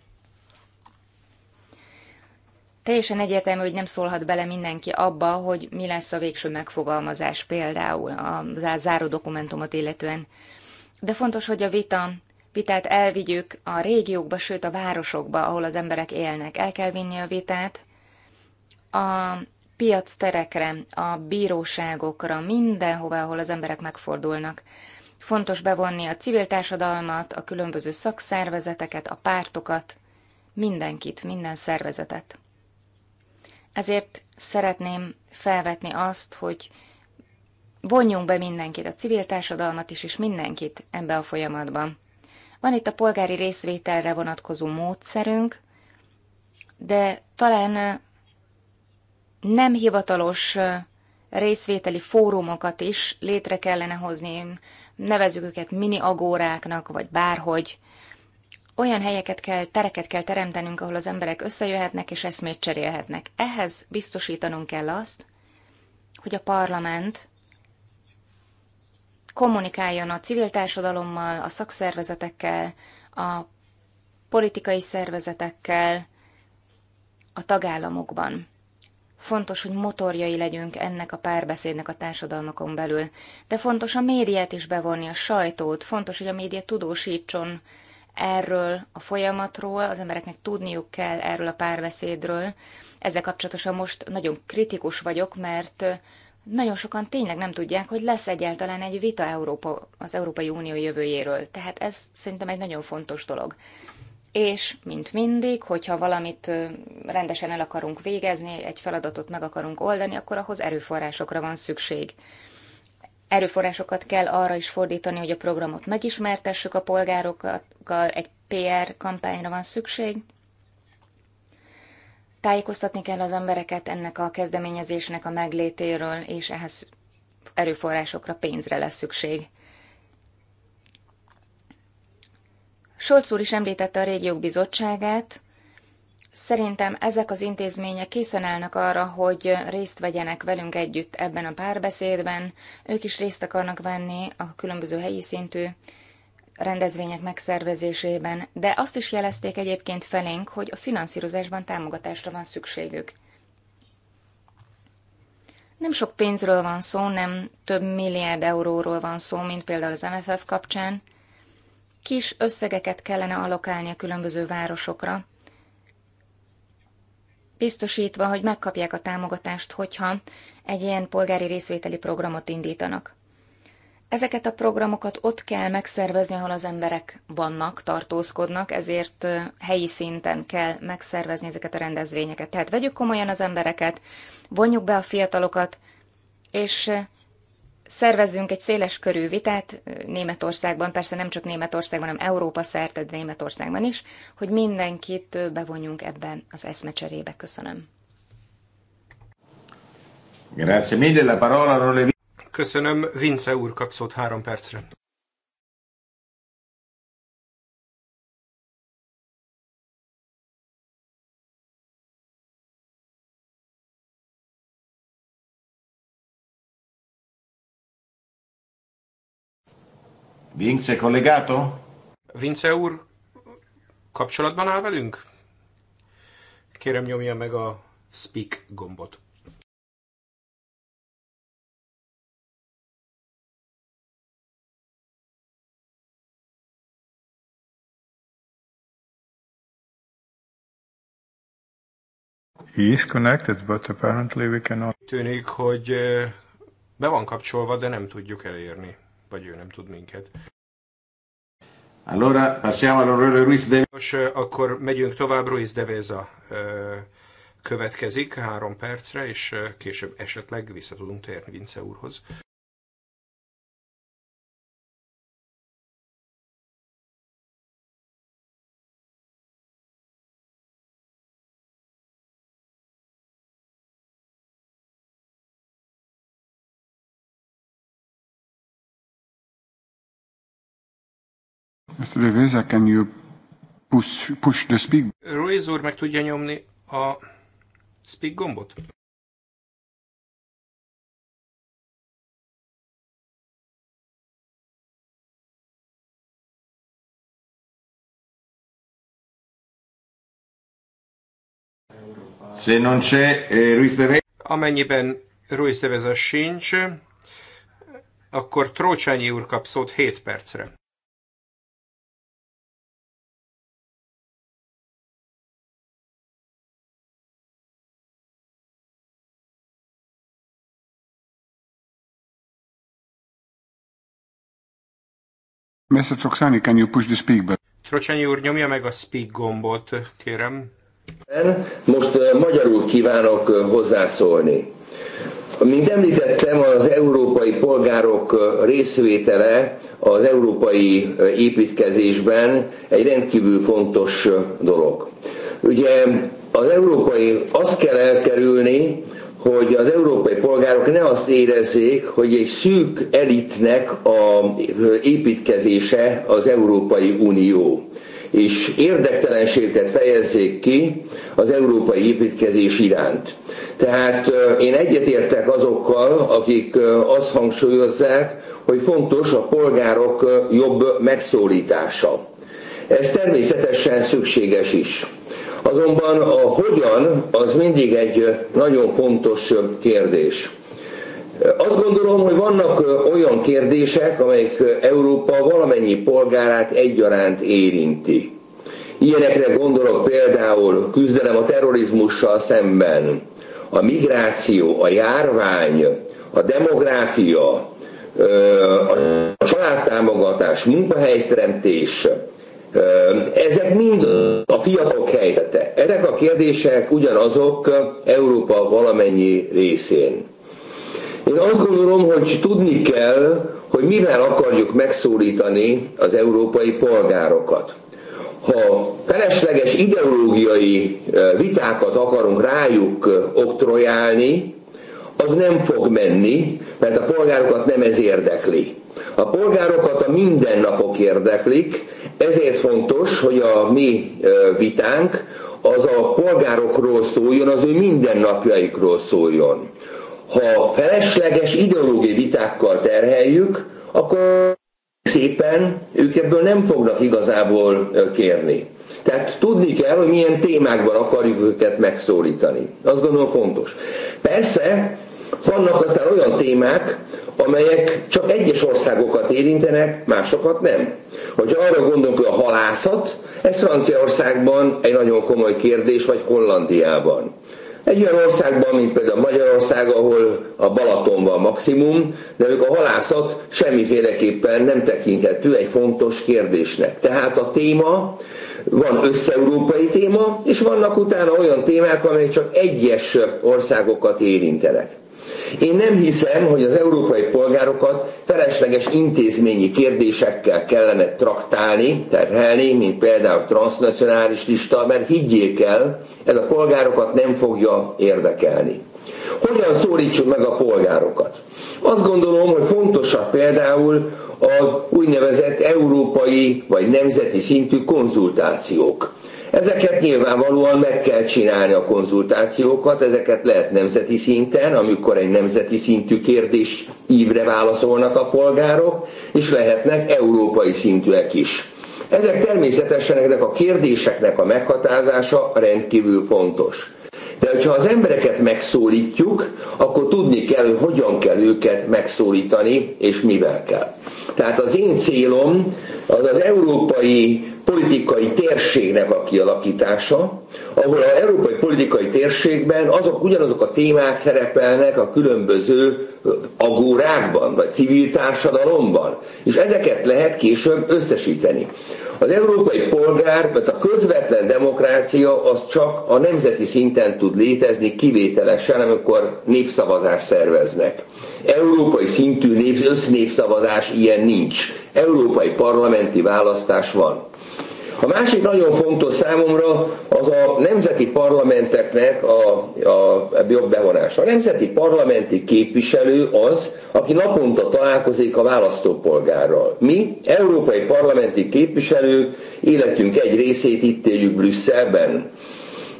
Teljesen egyértelmű, hogy nem szólhat bele mindenki abba, hogy mi lesz a végső megfogalmazás például a záró dokumentumot illetően. De fontos, hogy a vita vitát elvigyük a régiókba, sőt a városokba, ahol az emberek élnek. El kell vinni a vitát a piac terekre, a bíróságokra, mindenhova, ahol az emberek megfordulnak. Fontos bevonni a civil társadalmat, a különböző szakszervezeteket, a pártokat, mindenkit, minden szervezetet. Ezért szeretném felvetni azt, hogy vonjunk be mindenkit, a civil társadalmat is, és mindenkit ebbe a folyamatban. Van itt a polgári részvételre vonatkozó módszerünk, de talán nem hivatalos részvételi fórumokat is létre kellene hozni, nevezük őket mini agóráknak, vagy bárhogy. Olyan helyeket kell, tereket kell teremtenünk, ahol az emberek összejöhetnek és eszmét cserélhetnek. Ehhez biztosítanunk kell azt, hogy a parlament kommunikáljon a civil társadalommal, a szakszervezetekkel, a politikai szervezetekkel, a tagállamokban. Fontos, hogy motorjai legyünk ennek a párbeszédnek a társadalmakon belül, de fontos a médiát is bevonni, a sajtót, fontos, hogy a média tudósítson erről a folyamatról, az embereknek tudniuk kell erről a párbeszédről. Ezzel kapcsolatosan most nagyon kritikus vagyok, mert nagyon sokan tényleg nem tudják, hogy lesz egyáltalán egy vita Európa, az Európai Unió jövőjéről. Tehát ez szerintem egy nagyon fontos dolog. És, mint mindig, hogyha valamit rendesen el akarunk végezni, egy feladatot meg akarunk oldani, akkor ahhoz erőforrásokra van szükség. Erőforrásokat kell arra is fordítani, hogy a programot megismertessük a polgárokkal, egy PR kampányra van szükség, Tájékoztatni kell az embereket ennek a kezdeményezésnek a meglétéről, és ehhez erőforrásokra, pénzre lesz szükség. Solc úr is említette a régiók bizottságát. Szerintem ezek az intézmények készen állnak arra, hogy részt vegyenek velünk együtt ebben a párbeszédben. Ők is részt akarnak venni a különböző helyi szintű rendezvények megszervezésében, de azt is jelezték egyébként felénk, hogy a finanszírozásban támogatásra van szükségük. Nem sok pénzről van szó, nem több milliárd euróról van szó, mint például az MFF kapcsán. Kis összegeket kellene alokálni a különböző városokra, biztosítva, hogy megkapják a támogatást, hogyha egy ilyen polgári részvételi programot indítanak. Ezeket a programokat ott kell megszervezni, ahol az emberek vannak, tartózkodnak, ezért helyi szinten kell megszervezni ezeket a rendezvényeket. Tehát vegyük komolyan az embereket, vonjuk be a fiatalokat, és szervezzünk egy széles körű vitát Németországban, persze nem csak Németországban, hanem Európa szerte, de Németországban is, hogy mindenkit bevonjunk ebbe az eszmecserébe. Köszönöm. Grazie mille, la parola non Köszönöm. Vince úr kap szót három percre. Vince collegato? Vince úr kapcsolatban áll velünk? Kérem nyomja meg a speak gombot. He is connected, but apparently we cannot... Tűnik, hogy be van kapcsolva, de nem tudjuk elérni. Vagy ő nem tud minket. Allora, passiamo all'onorevole Ruiz de... Most akkor megyünk tovább, Ruiz de Veza következik három percre, és később esetleg vissza tudunk térni Vince úrhoz. Mr. Riveza, can you push, push the speak? Ruiz úr meg tudja nyomni a speak gombot? Eh, Amennyiben Ruiz Deveza sincs, akkor Trócsányi úr kap szót 7 percre. Mr. Troxani, can you push the speak button? Trocsányi úr, nyomja meg a speak gombot, kérem. Most eh, magyarul kívánok eh, hozzászólni. Mint említettem, az európai polgárok eh, részvétele az európai építkezésben egy rendkívül fontos dolog. Ugye az európai, azt kell elkerülni, hogy az európai polgárok ne azt érezzék, hogy egy szűk elitnek a építkezése az Európai Unió és érdektelenséget fejezzék ki az európai építkezés iránt. Tehát én egyetértek azokkal, akik azt hangsúlyozzák, hogy fontos a polgárok jobb megszólítása. Ez természetesen szükséges is. Azonban a hogyan az mindig egy nagyon fontos kérdés. Azt gondolom, hogy vannak olyan kérdések, amelyek Európa valamennyi polgárát egyaránt érinti. Ilyenekre gondolok például küzdelem a terrorizmussal szemben, a migráció, a járvány, a demográfia, a családtámogatás, munkahelyteremtés, ezek mind a fiatalok helyzete. Ezek a kérdések ugyanazok Európa valamennyi részén. Én azt gondolom, hogy tudni kell, hogy mivel akarjuk megszólítani az európai polgárokat. Ha felesleges ideológiai vitákat akarunk rájuk oktrojálni, az nem fog menni, mert a polgárokat nem ez érdekli. A polgárokat a mindennapok érdeklik, ezért fontos, hogy a mi vitánk az a polgárokról szóljon, az ő mindennapjaikról szóljon. Ha felesleges ideológiai vitákkal terheljük, akkor szépen ők ebből nem fognak igazából kérni. Tehát tudni kell, hogy milyen témákban akarjuk őket megszólítani. Azt gondolom fontos. Persze, vannak aztán olyan témák, amelyek csak egyes országokat érintenek, másokat nem. Hogyha arra gondolunk, hogy a halászat, ez Franciaországban egy nagyon komoly kérdés, vagy Hollandiában. Egy olyan országban, mint például Magyarország, ahol a Balaton van maximum, de ők a halászat semmiféleképpen nem tekinthető egy fontos kérdésnek. Tehát a téma, van összeurópai téma, és vannak utána olyan témák, amelyek csak egyes országokat érintenek. Én nem hiszem, hogy az európai polgárokat felesleges intézményi kérdésekkel kellene traktálni, terhelni, mint például transnacionális lista, mert higgyék el, ez a polgárokat nem fogja érdekelni. Hogyan szólítsuk meg a polgárokat? Azt gondolom, hogy fontosabb például az úgynevezett európai vagy nemzeti szintű konzultációk. Ezeket nyilvánvalóan meg kell csinálni a konzultációkat, ezeket lehet nemzeti szinten, amikor egy nemzeti szintű kérdés ívre válaszolnak a polgárok, és lehetnek európai szintűek is. Ezek természetesen ezek a kérdéseknek a meghatározása rendkívül fontos. De hogyha az embereket megszólítjuk, akkor tudni kell, hogy hogyan kell őket megszólítani, és mivel kell. Tehát az én célom, az az európai politikai térségnek a kialakítása, ahol az európai politikai térségben azok ugyanazok a témák szerepelnek a különböző agórákban, vagy civil társadalomban, és ezeket lehet később összesíteni. Az európai polgár, mert a közvetlen demokrácia az csak a nemzeti szinten tud létezni kivételesen, amikor népszavazást szerveznek. Európai szintű össznépszavazás ilyen nincs. Európai parlamenti választás van. A másik nagyon fontos számomra az a nemzeti parlamenteknek a, a jobb bevonása. A nemzeti parlamenti képviselő az, aki naponta találkozik a választópolgárral. Mi, európai parlamenti képviselők, életünk egy részét itt éljük Brüsszelben.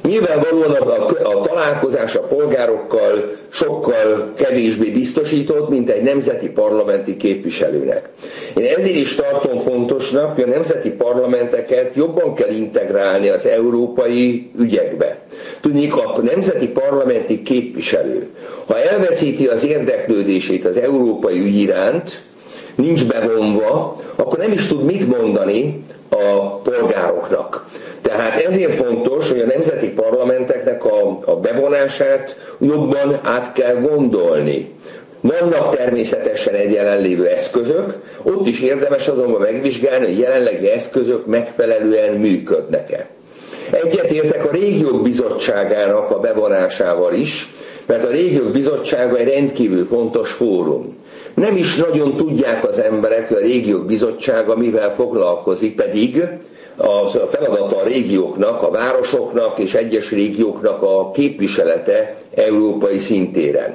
Nyilvánvalóan a, a, találkozás a polgárokkal sokkal kevésbé biztosított, mint egy nemzeti parlamenti képviselőnek. Én ezért is tartom fontosnak, hogy a nemzeti parlamenteket jobban kell integrálni az európai ügyekbe. Tudnék, a nemzeti parlamenti képviselő, ha elveszíti az érdeklődését az európai ügy iránt, nincs bevonva, akkor nem is tud mit mondani a polgároknak. Tehát ezért fontos, hogy a nemzeti parlamenteknek a, a bevonását jobban át kell gondolni. Vannak természetesen egy jelenlévő eszközök, ott is érdemes azonban megvizsgálni, hogy jelenlegi eszközök megfelelően működnek-e. Egyetértek a régiók bizottságának a bevonásával is, mert a régiók bizottsága egy rendkívül fontos fórum. Nem is nagyon tudják az emberek, a régiók bizottsága mivel foglalkozik, pedig a feladata a régióknak, a városoknak és egyes régióknak a képviselete európai szintéren.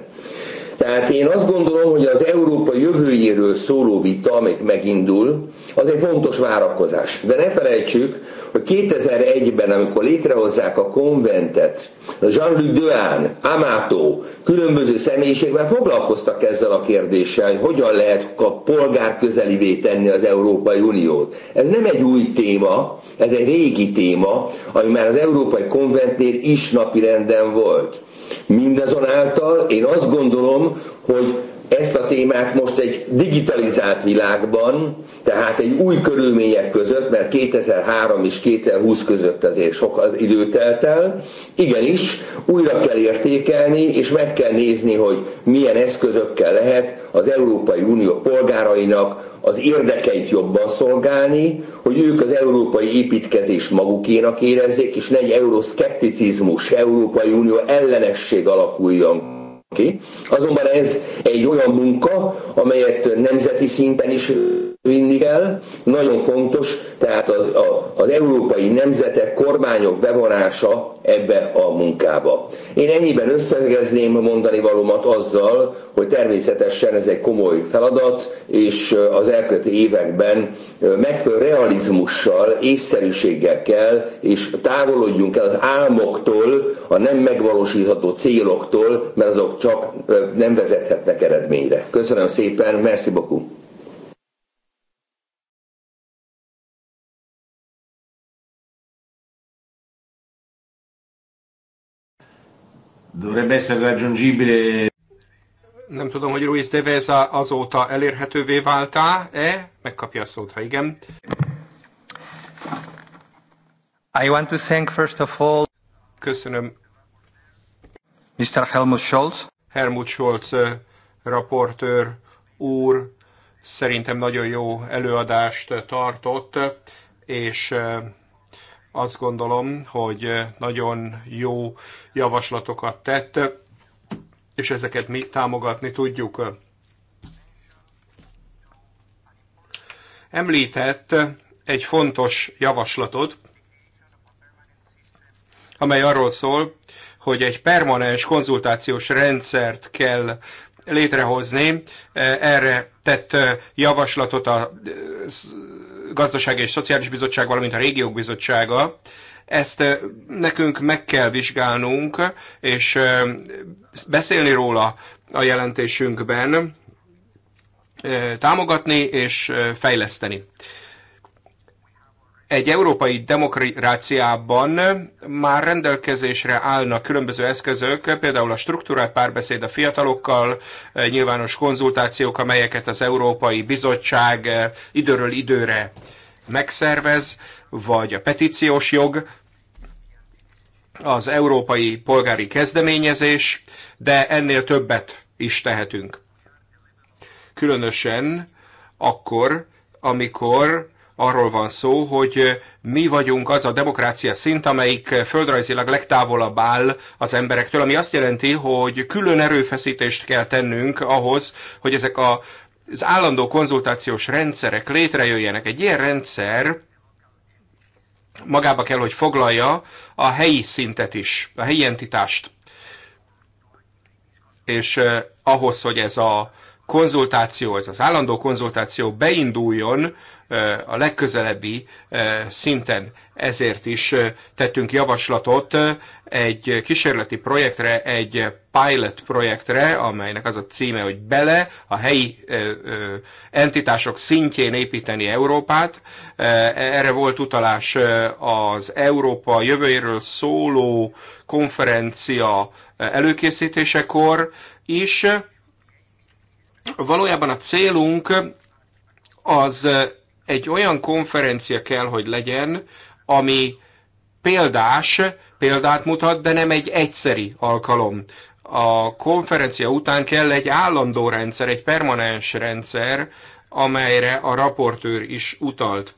Tehát én azt gondolom, hogy az Európa jövőjéről szóló vita, amik megindul, az egy fontos várakozás. De ne felejtsük, hogy 2001-ben, amikor létrehozzák a konventet, Jean-Luc Dehaene, Amato, különböző személyiségben foglalkoztak ezzel a kérdéssel, hogy hogyan lehet a polgár közelivé tenni az Európai Uniót. Ez nem egy új téma, ez egy régi téma, ami már az Európai Konventnél is napi renden volt. Mindazonáltal én azt gondolom, hogy ezt a témát most egy digitalizált világban, tehát egy új körülmények között, mert 2003 és 2020 között azért sok idő telt el, igenis újra kell értékelni, és meg kell nézni, hogy milyen eszközökkel lehet az Európai Unió polgárainak az érdekeit jobban szolgálni, hogy ők az európai építkezés magukénak érezzék, és ne egy euroszkepticizmus, Európai Unió ellenesség alakuljon Azonban ez egy olyan munka, amelyet nemzeti szinten is vinni kell. Nagyon fontos, tehát az, a, az európai nemzetek, kormányok bevonása ebbe a munkába. Én ennyiben összegezném mondani valómat azzal, hogy természetesen ez egy komoly feladat, és az elkövető években megfelelő realizmussal, észszerűséggel kell, és távolodjunk el az álmoktól, a nem megvalósítható céloktól, mert azok csak nem vezethetnek eredményre. Köszönöm szépen, merci beaucoup. dovrebbe essere raggiungibile. Nem tudom, hogy Ruiz de Veza azóta elérhetővé váltá-e? Megkapja a szót, ha igen. I want to thank first of all Köszönöm. Mr. Helmut Scholz. Helmut Scholz raportőr úr szerintem nagyon jó előadást tartott, és azt gondolom, hogy eh, nagyon jó javaslatokat tett, és ezeket mi támogatni tudjuk. Említett egy fontos javaslatot, amely arról szól, hogy egy permanens konzultációs rendszert kell létrehozni. Eh, erre tett eh, javaslatot a Gazdasági és Szociális Bizottság, valamint a Régiók Bizottsága, ezt nekünk meg kell vizsgálnunk, és beszélni róla a jelentésünkben, támogatni és fejleszteni. Egy európai demokráciában már rendelkezésre állnak különböző eszközök, például a struktúrált párbeszéd a fiatalokkal, nyilvános konzultációk, amelyeket az Európai Bizottság eh, időről időre megszervez, vagy a petíciós jog, az európai polgári kezdeményezés, de ennél többet is tehetünk. Különösen akkor, amikor arról van szó, hogy mi vagyunk az a demokrácia szint, amelyik földrajzilag legtávolabb áll az emberektől, ami azt jelenti, hogy külön erőfeszítést kell tennünk ahhoz, hogy ezek a, az állandó konzultációs rendszerek létrejöjjenek. Egy ilyen rendszer magába kell, hogy foglalja a helyi szintet is, a helyi entitást. És eh, ahhoz, hogy ez a konzultáció, ez az állandó konzultáció beinduljon, a legközelebbi szinten. Ezért is tettünk javaslatot egy kísérleti projektre, egy pilot projektre, amelynek az a címe, hogy bele a helyi entitások szintjén építeni Európát. Erre volt utalás az Európa jövőjéről szóló konferencia előkészítésekor is. Valójában a célunk az egy olyan konferencia kell, hogy legyen, ami példás, példát mutat, de nem egy egyszeri alkalom. A konferencia után kell egy állandó rendszer, egy permanens rendszer, amelyre a raportőr is utalt.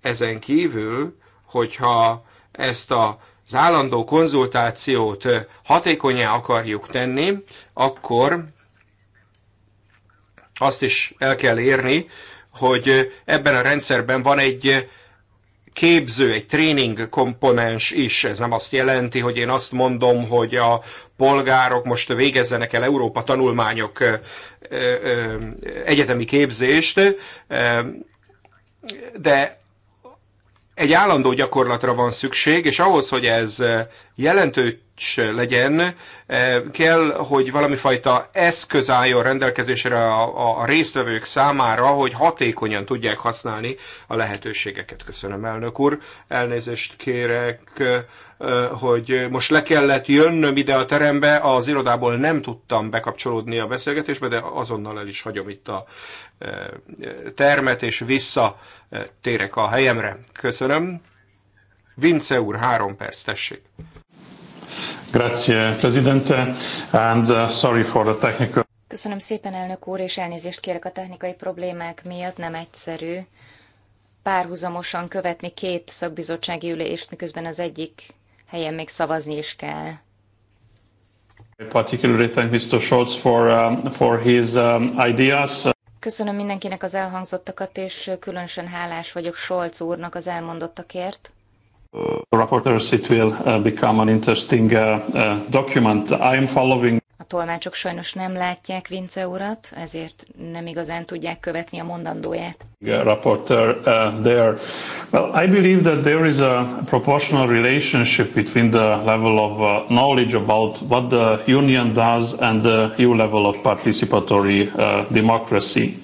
Ezen kívül, hogyha ezt a az állandó konzultációt hatékonyá akarjuk tenni, akkor azt is el kell érni, hogy ebben a rendszerben van egy képző, egy tréning komponens is. Ez nem azt jelenti, hogy én azt mondom, hogy a polgárok most végezzenek el Európa tanulmányok egyetemi képzést, de egy állandó gyakorlatra van szükség, és ahhoz, hogy ez jelentő legyen, e, kell, hogy valami fajta eszköz álljon rendelkezésre a, a résztvevők számára, hogy hatékonyan tudják használni a lehetőségeket. Köszönöm, elnök úr. Elnézést kérek, e, hogy most le kellett jönnöm ide a terembe, az irodából nem tudtam bekapcsolódni a beszélgetésbe, de azonnal el is hagyom itt a e, termet, és vissza térek a helyemre. Köszönöm. Vince úr, három perc, tessék. Grazie, Presidente, and uh, sorry for the technical... Köszönöm szépen, elnök úr, és elnézést kérek a technikai problémák miatt, nem egyszerű párhuzamosan követni két szakbizottsági ülést, miközben az egyik helyen még szavazni is kell. Particularly thank Mr. for, um, for his um, ideas. Köszönöm mindenkinek az elhangzottakat, és különösen hálás vagyok Scholz úrnak az elmondottakért. Uh, rapporteurs, it will uh, become an interesting uh, document. I am following a tolmácsok sajnos nem látják Vince urat, ezért nem igazán tudják követni a mondandóját. Yeah, rapporteur uh, there. Well, I believe that there is a proportional relationship between the level of uh, knowledge about what the union does and the EU level of participatory uh, democracy.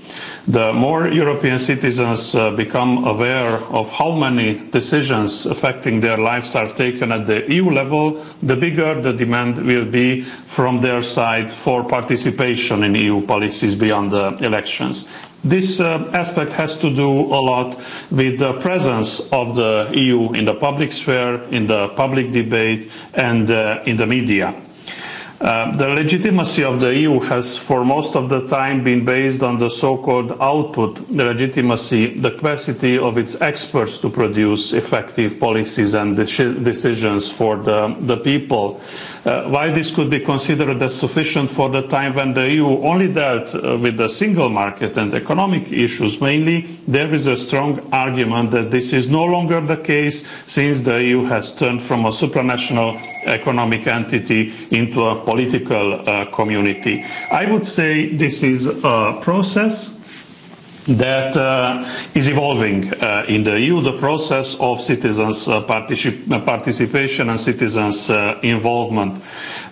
The more European citizens uh, become aware of how many decisions affecting their lives are taken at the EU level, the bigger the demand will be from their side for participation in EU policies beyond the elections. This uh, aspect has to do a lot with the presence of the EU in the public sphere, in the public debate, and uh, in the media. Uh, the legitimacy of the EU has, for most of the time, been based on the so-called output legitimacy, the capacity of its experts to produce effective policies and de decisions for the, the people. Uh, while this could be considered as sufficient for the time when the EU only dealt uh, with the single market and economic issues mainly, there is a strong argument that this is no longer the case since the EU has turned from a supranational economic entity into a political uh, community. I would say this is a process that uh, is evolving uh, in the EU, the process of citizens' uh, particip- participation and citizens' uh, involvement.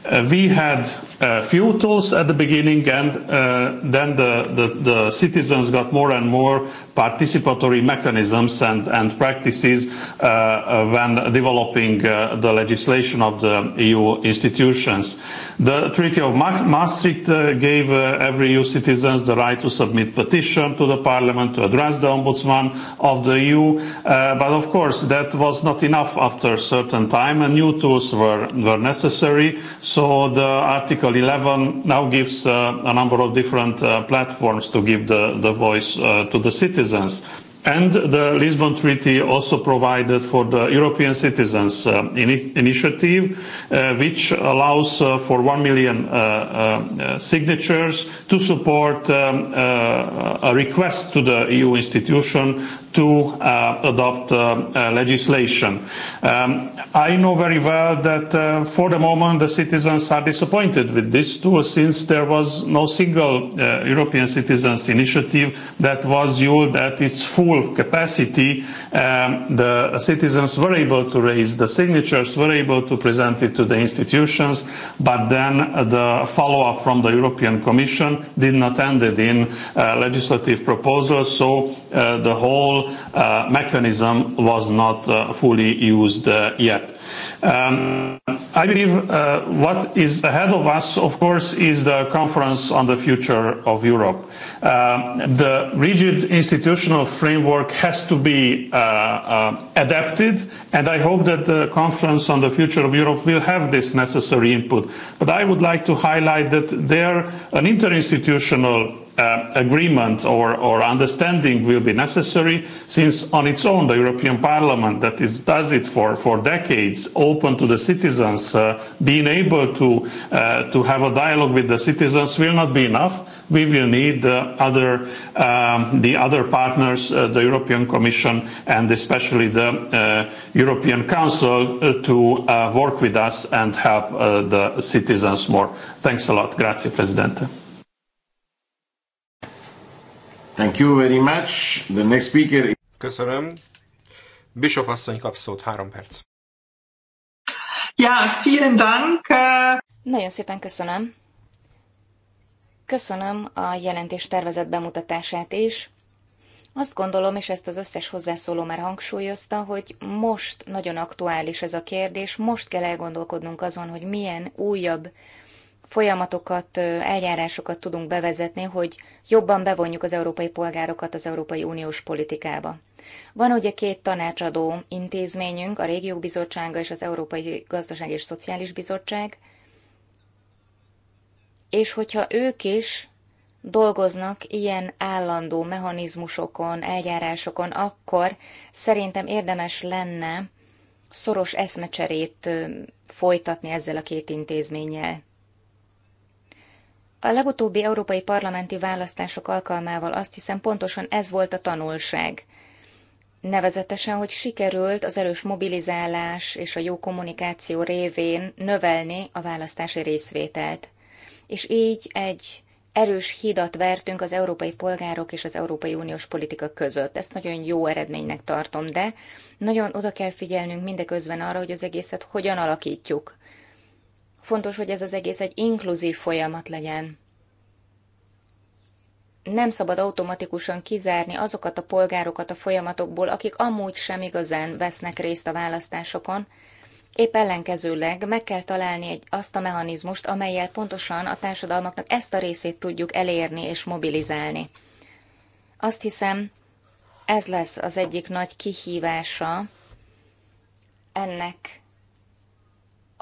Uh, we had uh, few tools at the beginning and uh, then the, the, the citizens got more and more participatory mechanisms and, and practices uh, uh when developing uh, the legislation of the EU institutions. The Treaty of Maastricht uh, gave uh, every EU citizens the right to submit petition to the Parliament to address the Ombudsman of the EU, uh, but of course that was not enough after a certain time and new tools were, were necessary. So So the Article 11 now gives uh, a number of different uh, platforms to give the, the voice uh, to the citizens. And the Lisbon Treaty also provided for the European Citizens uh, in Initiative, uh, which allows uh, for one million uh, uh, signatures to support um, uh, a request to the EU institution to uh, adopt uh, uh, legislation. Um, I know very well that uh, for the moment the citizens are disappointed with this tool since there was no single uh, European Citizens Initiative that was used at its full capacity. Um, the citizens were able to raise the signatures, were able to present it to the institutions, but then uh, the follow-up from the European Commission did not end in uh, legislative proposals, so uh, the whole uh, mechanism was not uh, fully used uh, yet. Um, I believe uh, what is ahead of us, of course, is the conference on the future of Europe. Uh, the rigid institutional framework has to be uh, uh, adapted, and I hope that the conference on the future of Europe will have this necessary input. But I would like to highlight that there an interinstitutional uh, agreement or, or understanding will be necessary, since on its own the European Parliament, that is, does it for, for decades, open to the citizens, uh, being able to, uh, to have a dialogue with the citizens will not be enough. We will need the other, um, the other partners, uh, the European Commission and especially the uh, European Council uh, to uh, work with us and help uh, the citizens more. Thanks a lot. Grazie, Presidente. Thank you very much. The next speaker... Köszönöm. Bischoff asszony kap szót, három perc. Ja, vielen Dank. Nagyon szépen köszönöm. Köszönöm a jelentés tervezett bemutatását is. Azt gondolom, és ezt az összes hozzászóló már hangsúlyozta, hogy most nagyon aktuális ez a kérdés, most kell elgondolkodnunk azon, hogy milyen újabb folyamatokat, eljárásokat tudunk bevezetni, hogy jobban bevonjuk az európai polgárokat az Európai Uniós politikába. Van ugye két tanácsadó intézményünk, a Régiók Bizottsága és az Európai Gazdaság és Szociális Bizottság, és hogyha ők is dolgoznak ilyen állandó mechanizmusokon, eljárásokon, akkor szerintem érdemes lenne szoros eszmecserét folytatni ezzel a két intézménnyel. A legutóbbi európai parlamenti választások alkalmával azt hiszem pontosan ez volt a tanulság. Nevezetesen, hogy sikerült az erős mobilizálás és a jó kommunikáció révén növelni a választási részvételt. És így egy erős hidat vertünk az európai polgárok és az Európai Uniós politika között. Ezt nagyon jó eredménynek tartom, de nagyon oda kell figyelnünk mindeközben arra, hogy az egészet hogyan alakítjuk. Fontos, hogy ez az egész egy inkluzív folyamat legyen. Nem szabad automatikusan kizárni azokat a polgárokat a folyamatokból, akik amúgy sem igazán vesznek részt a választásokon, Épp ellenkezőleg meg kell találni egy, azt a mechanizmust, amelyel pontosan a társadalmaknak ezt a részét tudjuk elérni és mobilizálni. Azt hiszem, ez lesz az egyik nagy kihívása ennek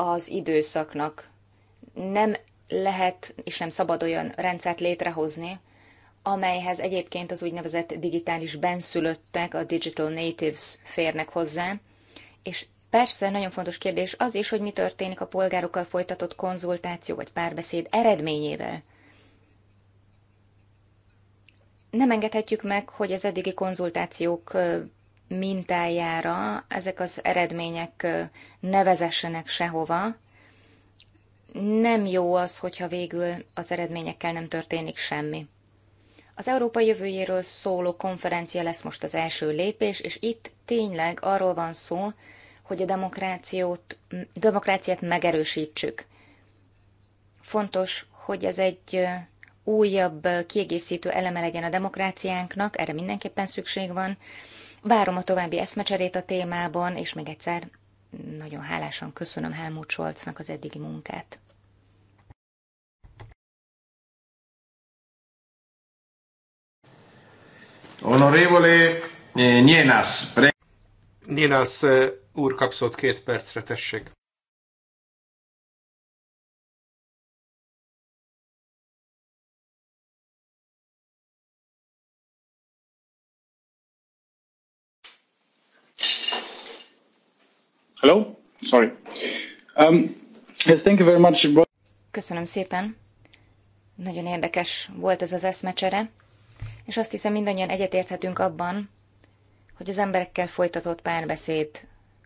az időszaknak. Nem lehet és nem szabad olyan rendszert létrehozni, amelyhez egyébként az úgynevezett digitális benszülöttek, a digital natives férnek hozzá, és Persze, nagyon fontos kérdés az is, hogy mi történik a polgárokkal folytatott konzultáció vagy párbeszéd eredményével. Nem engedhetjük meg, hogy az eddigi konzultációk mintájára ezek az eredmények ne vezessenek sehova. Nem jó az, hogyha végül az eredményekkel nem történik semmi. Az Európa jövőjéről szóló konferencia lesz most az első lépés, és itt tényleg arról van szó, hogy a demokrációt, demokráciát megerősítsük. Fontos, hogy ez egy újabb kiegészítő eleme legyen a demokráciánknak, erre mindenképpen szükség van, Várom a további eszmecserét a témában, és még egyszer nagyon hálásan köszönöm Helmut Scholznak az eddigi munkát. Honorevole eh, Nienas. Nienas eh, úr kapszott két percre, tessék. Hello? Sorry. Um, yes, thank you very much. Köszönöm szépen. Nagyon érdekes volt ez az eszmecsere, és azt hiszem mindannyian egyetérthetünk abban, hogy az emberekkel folytatott párbeszéd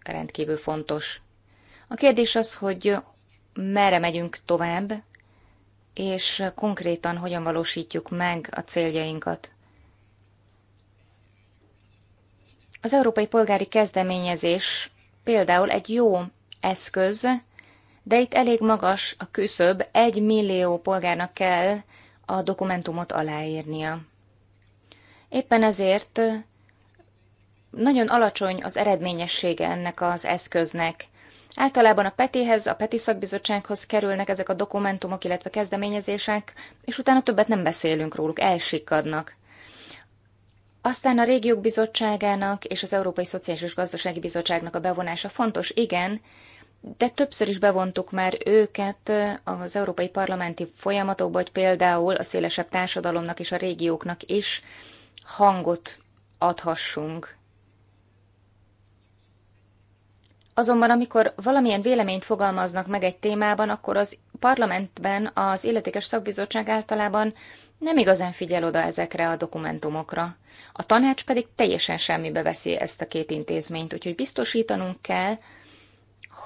rendkívül fontos. A kérdés az, hogy merre megyünk tovább, és konkrétan hogyan valósítjuk meg a céljainkat. Az Európai Polgári Kezdeményezés például egy jó eszköz, de itt elég magas a küszöb, egy millió polgárnak kell a dokumentumot aláírnia. Éppen ezért nagyon alacsony az eredményessége ennek az eszköznek. Általában a PETI-hez, a PETI szakbizottsághoz kerülnek ezek a dokumentumok, illetve kezdeményezések, és utána többet nem beszélünk róluk, elsikadnak. Aztán a régiók bizottságának és az Európai Szociális és Gazdasági Bizottságnak a bevonása fontos, igen, de többször is bevontuk már őket az európai parlamenti folyamatokba, hogy például a szélesebb társadalomnak és a régióknak is hangot adhassunk. Azonban, amikor valamilyen véleményt fogalmaznak meg egy témában, akkor az parlamentben az illetékes szakbizottság általában nem igazán figyel oda ezekre a dokumentumokra. A tanács pedig teljesen semmibe veszi ezt a két intézményt, úgyhogy biztosítanunk kell,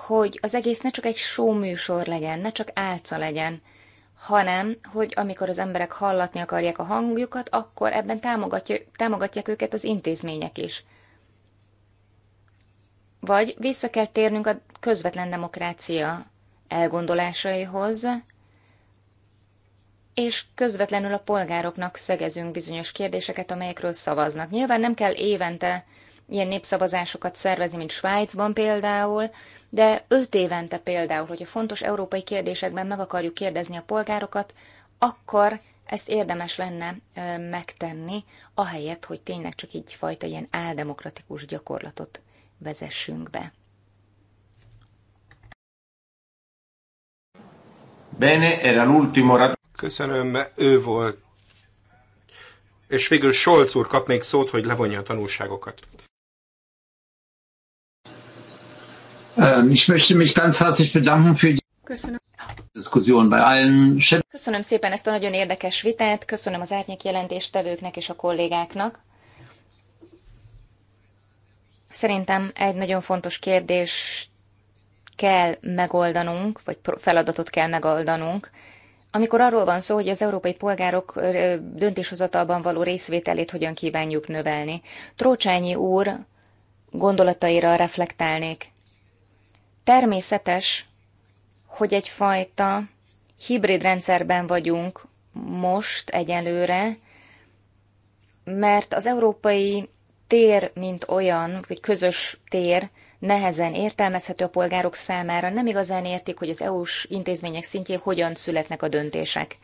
hogy az egész ne csak egy show műsor legyen, ne csak álca legyen, hanem, hogy amikor az emberek hallatni akarják a hangjukat, akkor ebben támogatja, támogatják őket az intézmények is. Vagy vissza kell térnünk a közvetlen demokrácia elgondolásaihoz, és közvetlenül a polgároknak szegezünk bizonyos kérdéseket, amelyekről szavaznak. Nyilván nem kell évente ilyen népszavazásokat szervezni, mint Svájcban például, de öt évente például, hogyha fontos európai kérdésekben meg akarjuk kérdezni a polgárokat, akkor ezt érdemes lenne ö, megtenni, ahelyett, hogy tényleg csak így fajta ilyen áldemokratikus gyakorlatot vezessünk be. Bene, era l'ultimo Köszönöm, ő volt. És végül Solc úr kap még szót, hogy levonja a tanulságokat. Ähm, ich möchte mich ganz herzlich bedanken für die Köszönöm. Diskussion bei allen. Köszönöm szépen ezt a nagyon érdekes vitát, köszönöm az árnyék jelentéstevőknek és a kollégáknak. Szerintem egy nagyon fontos kérdés kell megoldanunk, vagy feladatot kell megoldanunk, amikor arról van szó, hogy az európai polgárok döntéshozatalban való részvételét hogyan kívánjuk növelni. Trócsányi úr gondolataira reflektálnék. Természetes, hogy egyfajta hibrid rendszerben vagyunk most egyelőre, mert az európai tér, mint olyan, vagy közös tér, nehezen értelmezhető a polgárok számára, nem igazán értik, hogy az EU-s intézmények szintjén hogyan születnek a döntések.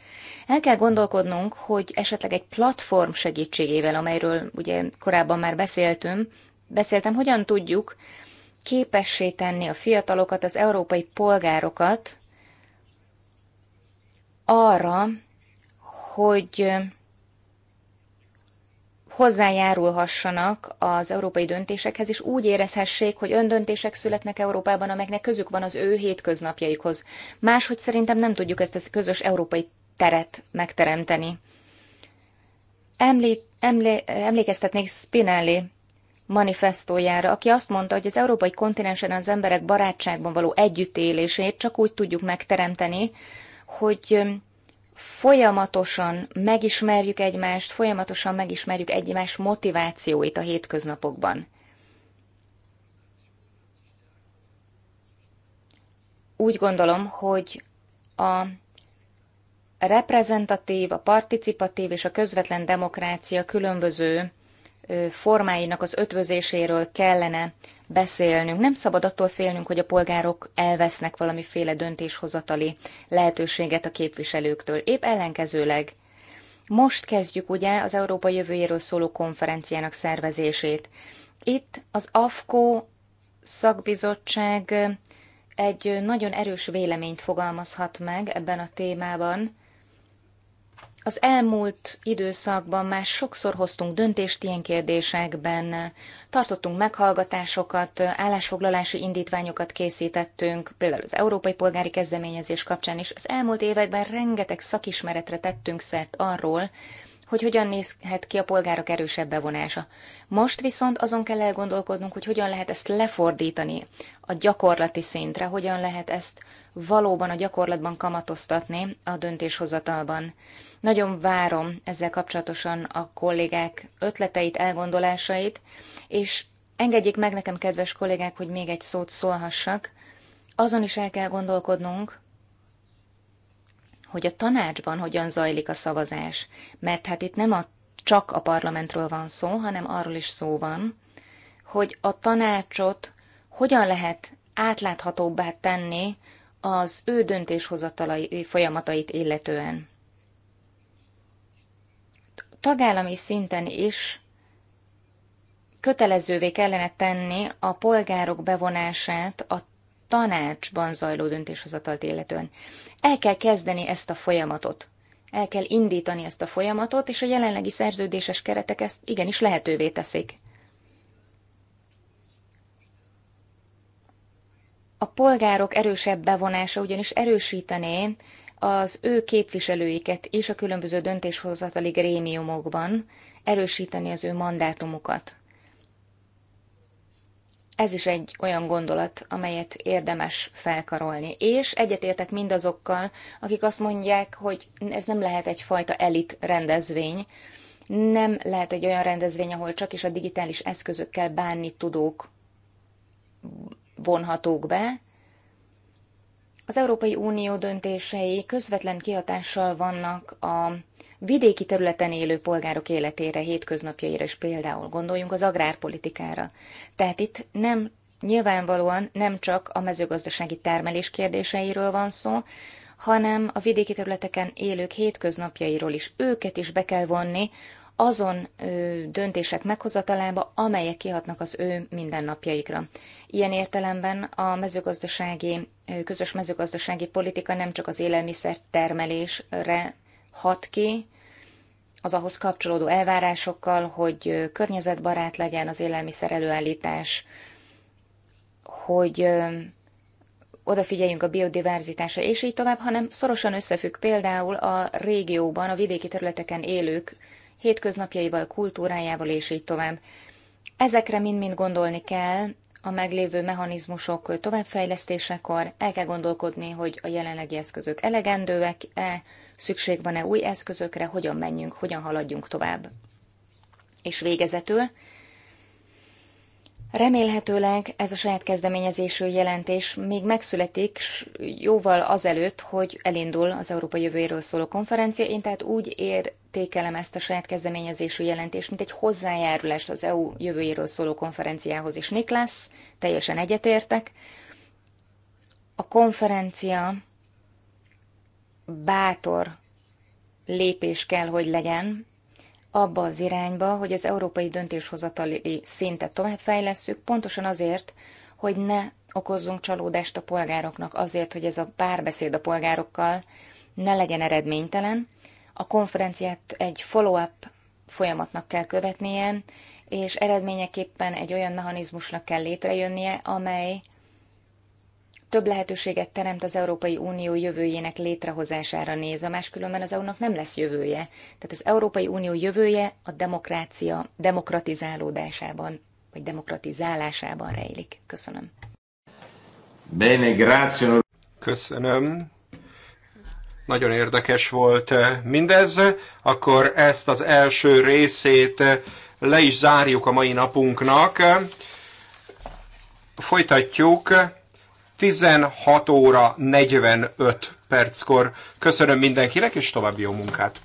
El kell gondolkodnunk, hogy esetleg egy platform segítségével, amelyről ugye korábban már beszéltünk, beszéltem, hogyan tudjuk képessé tenni a fiatalokat, az európai polgárokat arra, hogy hozzájárulhassanak az európai döntésekhez, és úgy érezhessék, hogy öndöntések születnek Európában, amelyeknek közük van az ő hétköznapjaikhoz. Máshogy szerintem nem tudjuk ezt a közös európai teret megteremteni. Emlé, emlé, emlékeztetnék Spinelli manifestójára, aki azt mondta, hogy az európai kontinensen az emberek barátságban való együttélését csak úgy tudjuk megteremteni, hogy folyamatosan megismerjük egymást, folyamatosan megismerjük egymás motivációit a hétköznapokban. Úgy gondolom, hogy a reprezentatív, a participatív és a közvetlen demokrácia különböző formáinak az ötvözéséről kellene beszélnünk. Nem szabad attól félnünk, hogy a polgárok elvesznek valamiféle döntéshozatali lehetőséget a képviselőktől. Épp ellenkezőleg most kezdjük ugye az Európa jövőjéről szóló konferenciának szervezését. Itt az AFKO szakbizottság egy nagyon erős véleményt fogalmazhat meg ebben a témában, az elmúlt időszakban már sokszor hoztunk döntést ilyen kérdésekben, tartottunk meghallgatásokat, állásfoglalási indítványokat készítettünk, például az Európai Polgári Kezdeményezés kapcsán is. Az elmúlt években rengeteg szakismeretre tettünk szert arról, hogy hogyan nézhet ki a polgárok erősebb bevonása. Most viszont azon kell elgondolkodnunk, hogy hogyan lehet ezt lefordítani a gyakorlati szintre, hogyan lehet ezt valóban a gyakorlatban kamatoztatni a döntéshozatalban. Nagyon várom ezzel kapcsolatosan a kollégák ötleteit, elgondolásait, és engedjék meg nekem, kedves kollégák, hogy még egy szót szólhassak. Azon is el kell gondolkodnunk, hogy a tanácsban hogyan zajlik a szavazás, mert hát itt nem a, csak a parlamentről van szó, hanem arról is szó van, hogy a tanácsot hogyan lehet átláthatóbbá tenni az ő döntéshozatalai folyamatait illetően. Tagállami szinten is kötelezővé kellene tenni a polgárok bevonását a tanácsban zajló döntéshozatalt illetően. El kell kezdeni ezt a folyamatot. El kell indítani ezt a folyamatot, és a jelenlegi szerződéses keretek ezt igenis lehetővé teszik. A polgárok erősebb bevonása ugyanis erősítené az ő képviselőiket és a különböző döntéshozatali grémiumokban, erősíteni az ő mandátumukat. Ez is egy olyan gondolat, amelyet érdemes felkarolni. És egyetértek mindazokkal, akik azt mondják, hogy ez nem lehet egyfajta elit rendezvény. Nem lehet egy olyan rendezvény, ahol csak is a digitális eszközökkel bánni tudók vonhatók be. Az Európai Unió döntései közvetlen kihatással vannak a vidéki területen élő polgárok életére, hétköznapjaira is például gondoljunk az agrárpolitikára. Tehát itt nem nyilvánvalóan nem csak a mezőgazdasági termelés kérdéseiről van szó, hanem a vidéki területeken élők hétköznapjairól is. Őket is be kell vonni azon ö, döntések meghozatalába, amelyek kihatnak az ő mindennapjaikra. Ilyen értelemben a mezőgazdasági, közös mezőgazdasági politika nem csak az élelmiszer termelésre hat ki, az ahhoz kapcsolódó elvárásokkal, hogy környezetbarát legyen az élelmiszer előállítás, hogy odafigyeljünk a biodiverzitásra, és így tovább, hanem szorosan összefügg például a régióban, a vidéki területeken élők hétköznapjaival, kultúrájával, és így tovább. Ezekre mind-mind gondolni kell a meglévő mechanizmusok továbbfejlesztésekor, el kell gondolkodni, hogy a jelenlegi eszközök elegendőek-e, szükség van-e új eszközökre, hogyan menjünk, hogyan haladjunk tovább. És végezetül, remélhetőleg ez a saját kezdeményezésű jelentés még megszületik jóval azelőtt, hogy elindul az Európa jövőjéről szóló konferencia. Én tehát úgy értékelem ezt a saját kezdeményezésű jelentést, mint egy hozzájárulást az EU jövőjéről szóló konferenciához is. Niklas, teljesen egyetértek. A konferencia bátor lépés kell, hogy legyen abba az irányba, hogy az európai döntéshozatali szintet továbbfejlesszük, pontosan azért, hogy ne okozzunk csalódást a polgároknak, azért, hogy ez a párbeszéd a polgárokkal ne legyen eredménytelen. A konferenciát egy follow-up folyamatnak kell követnie, és eredményeképpen egy olyan mechanizmusnak kell létrejönnie, amely több lehetőséget teremt az Európai Unió jövőjének létrehozására nézve, máskülönben az EU-nak nem lesz jövője. Tehát az Európai Unió jövője a demokrácia demokratizálódásában, vagy demokratizálásában rejlik. Köszönöm. Bene, grazie. Köszönöm. Nagyon érdekes volt eh, mindez. Akkor ezt az első részét eh, le is zárjuk a mai napunknak. Folytatjuk 16 óra 45 perckor. Köszönöm mindenkinek, és további jó munkát!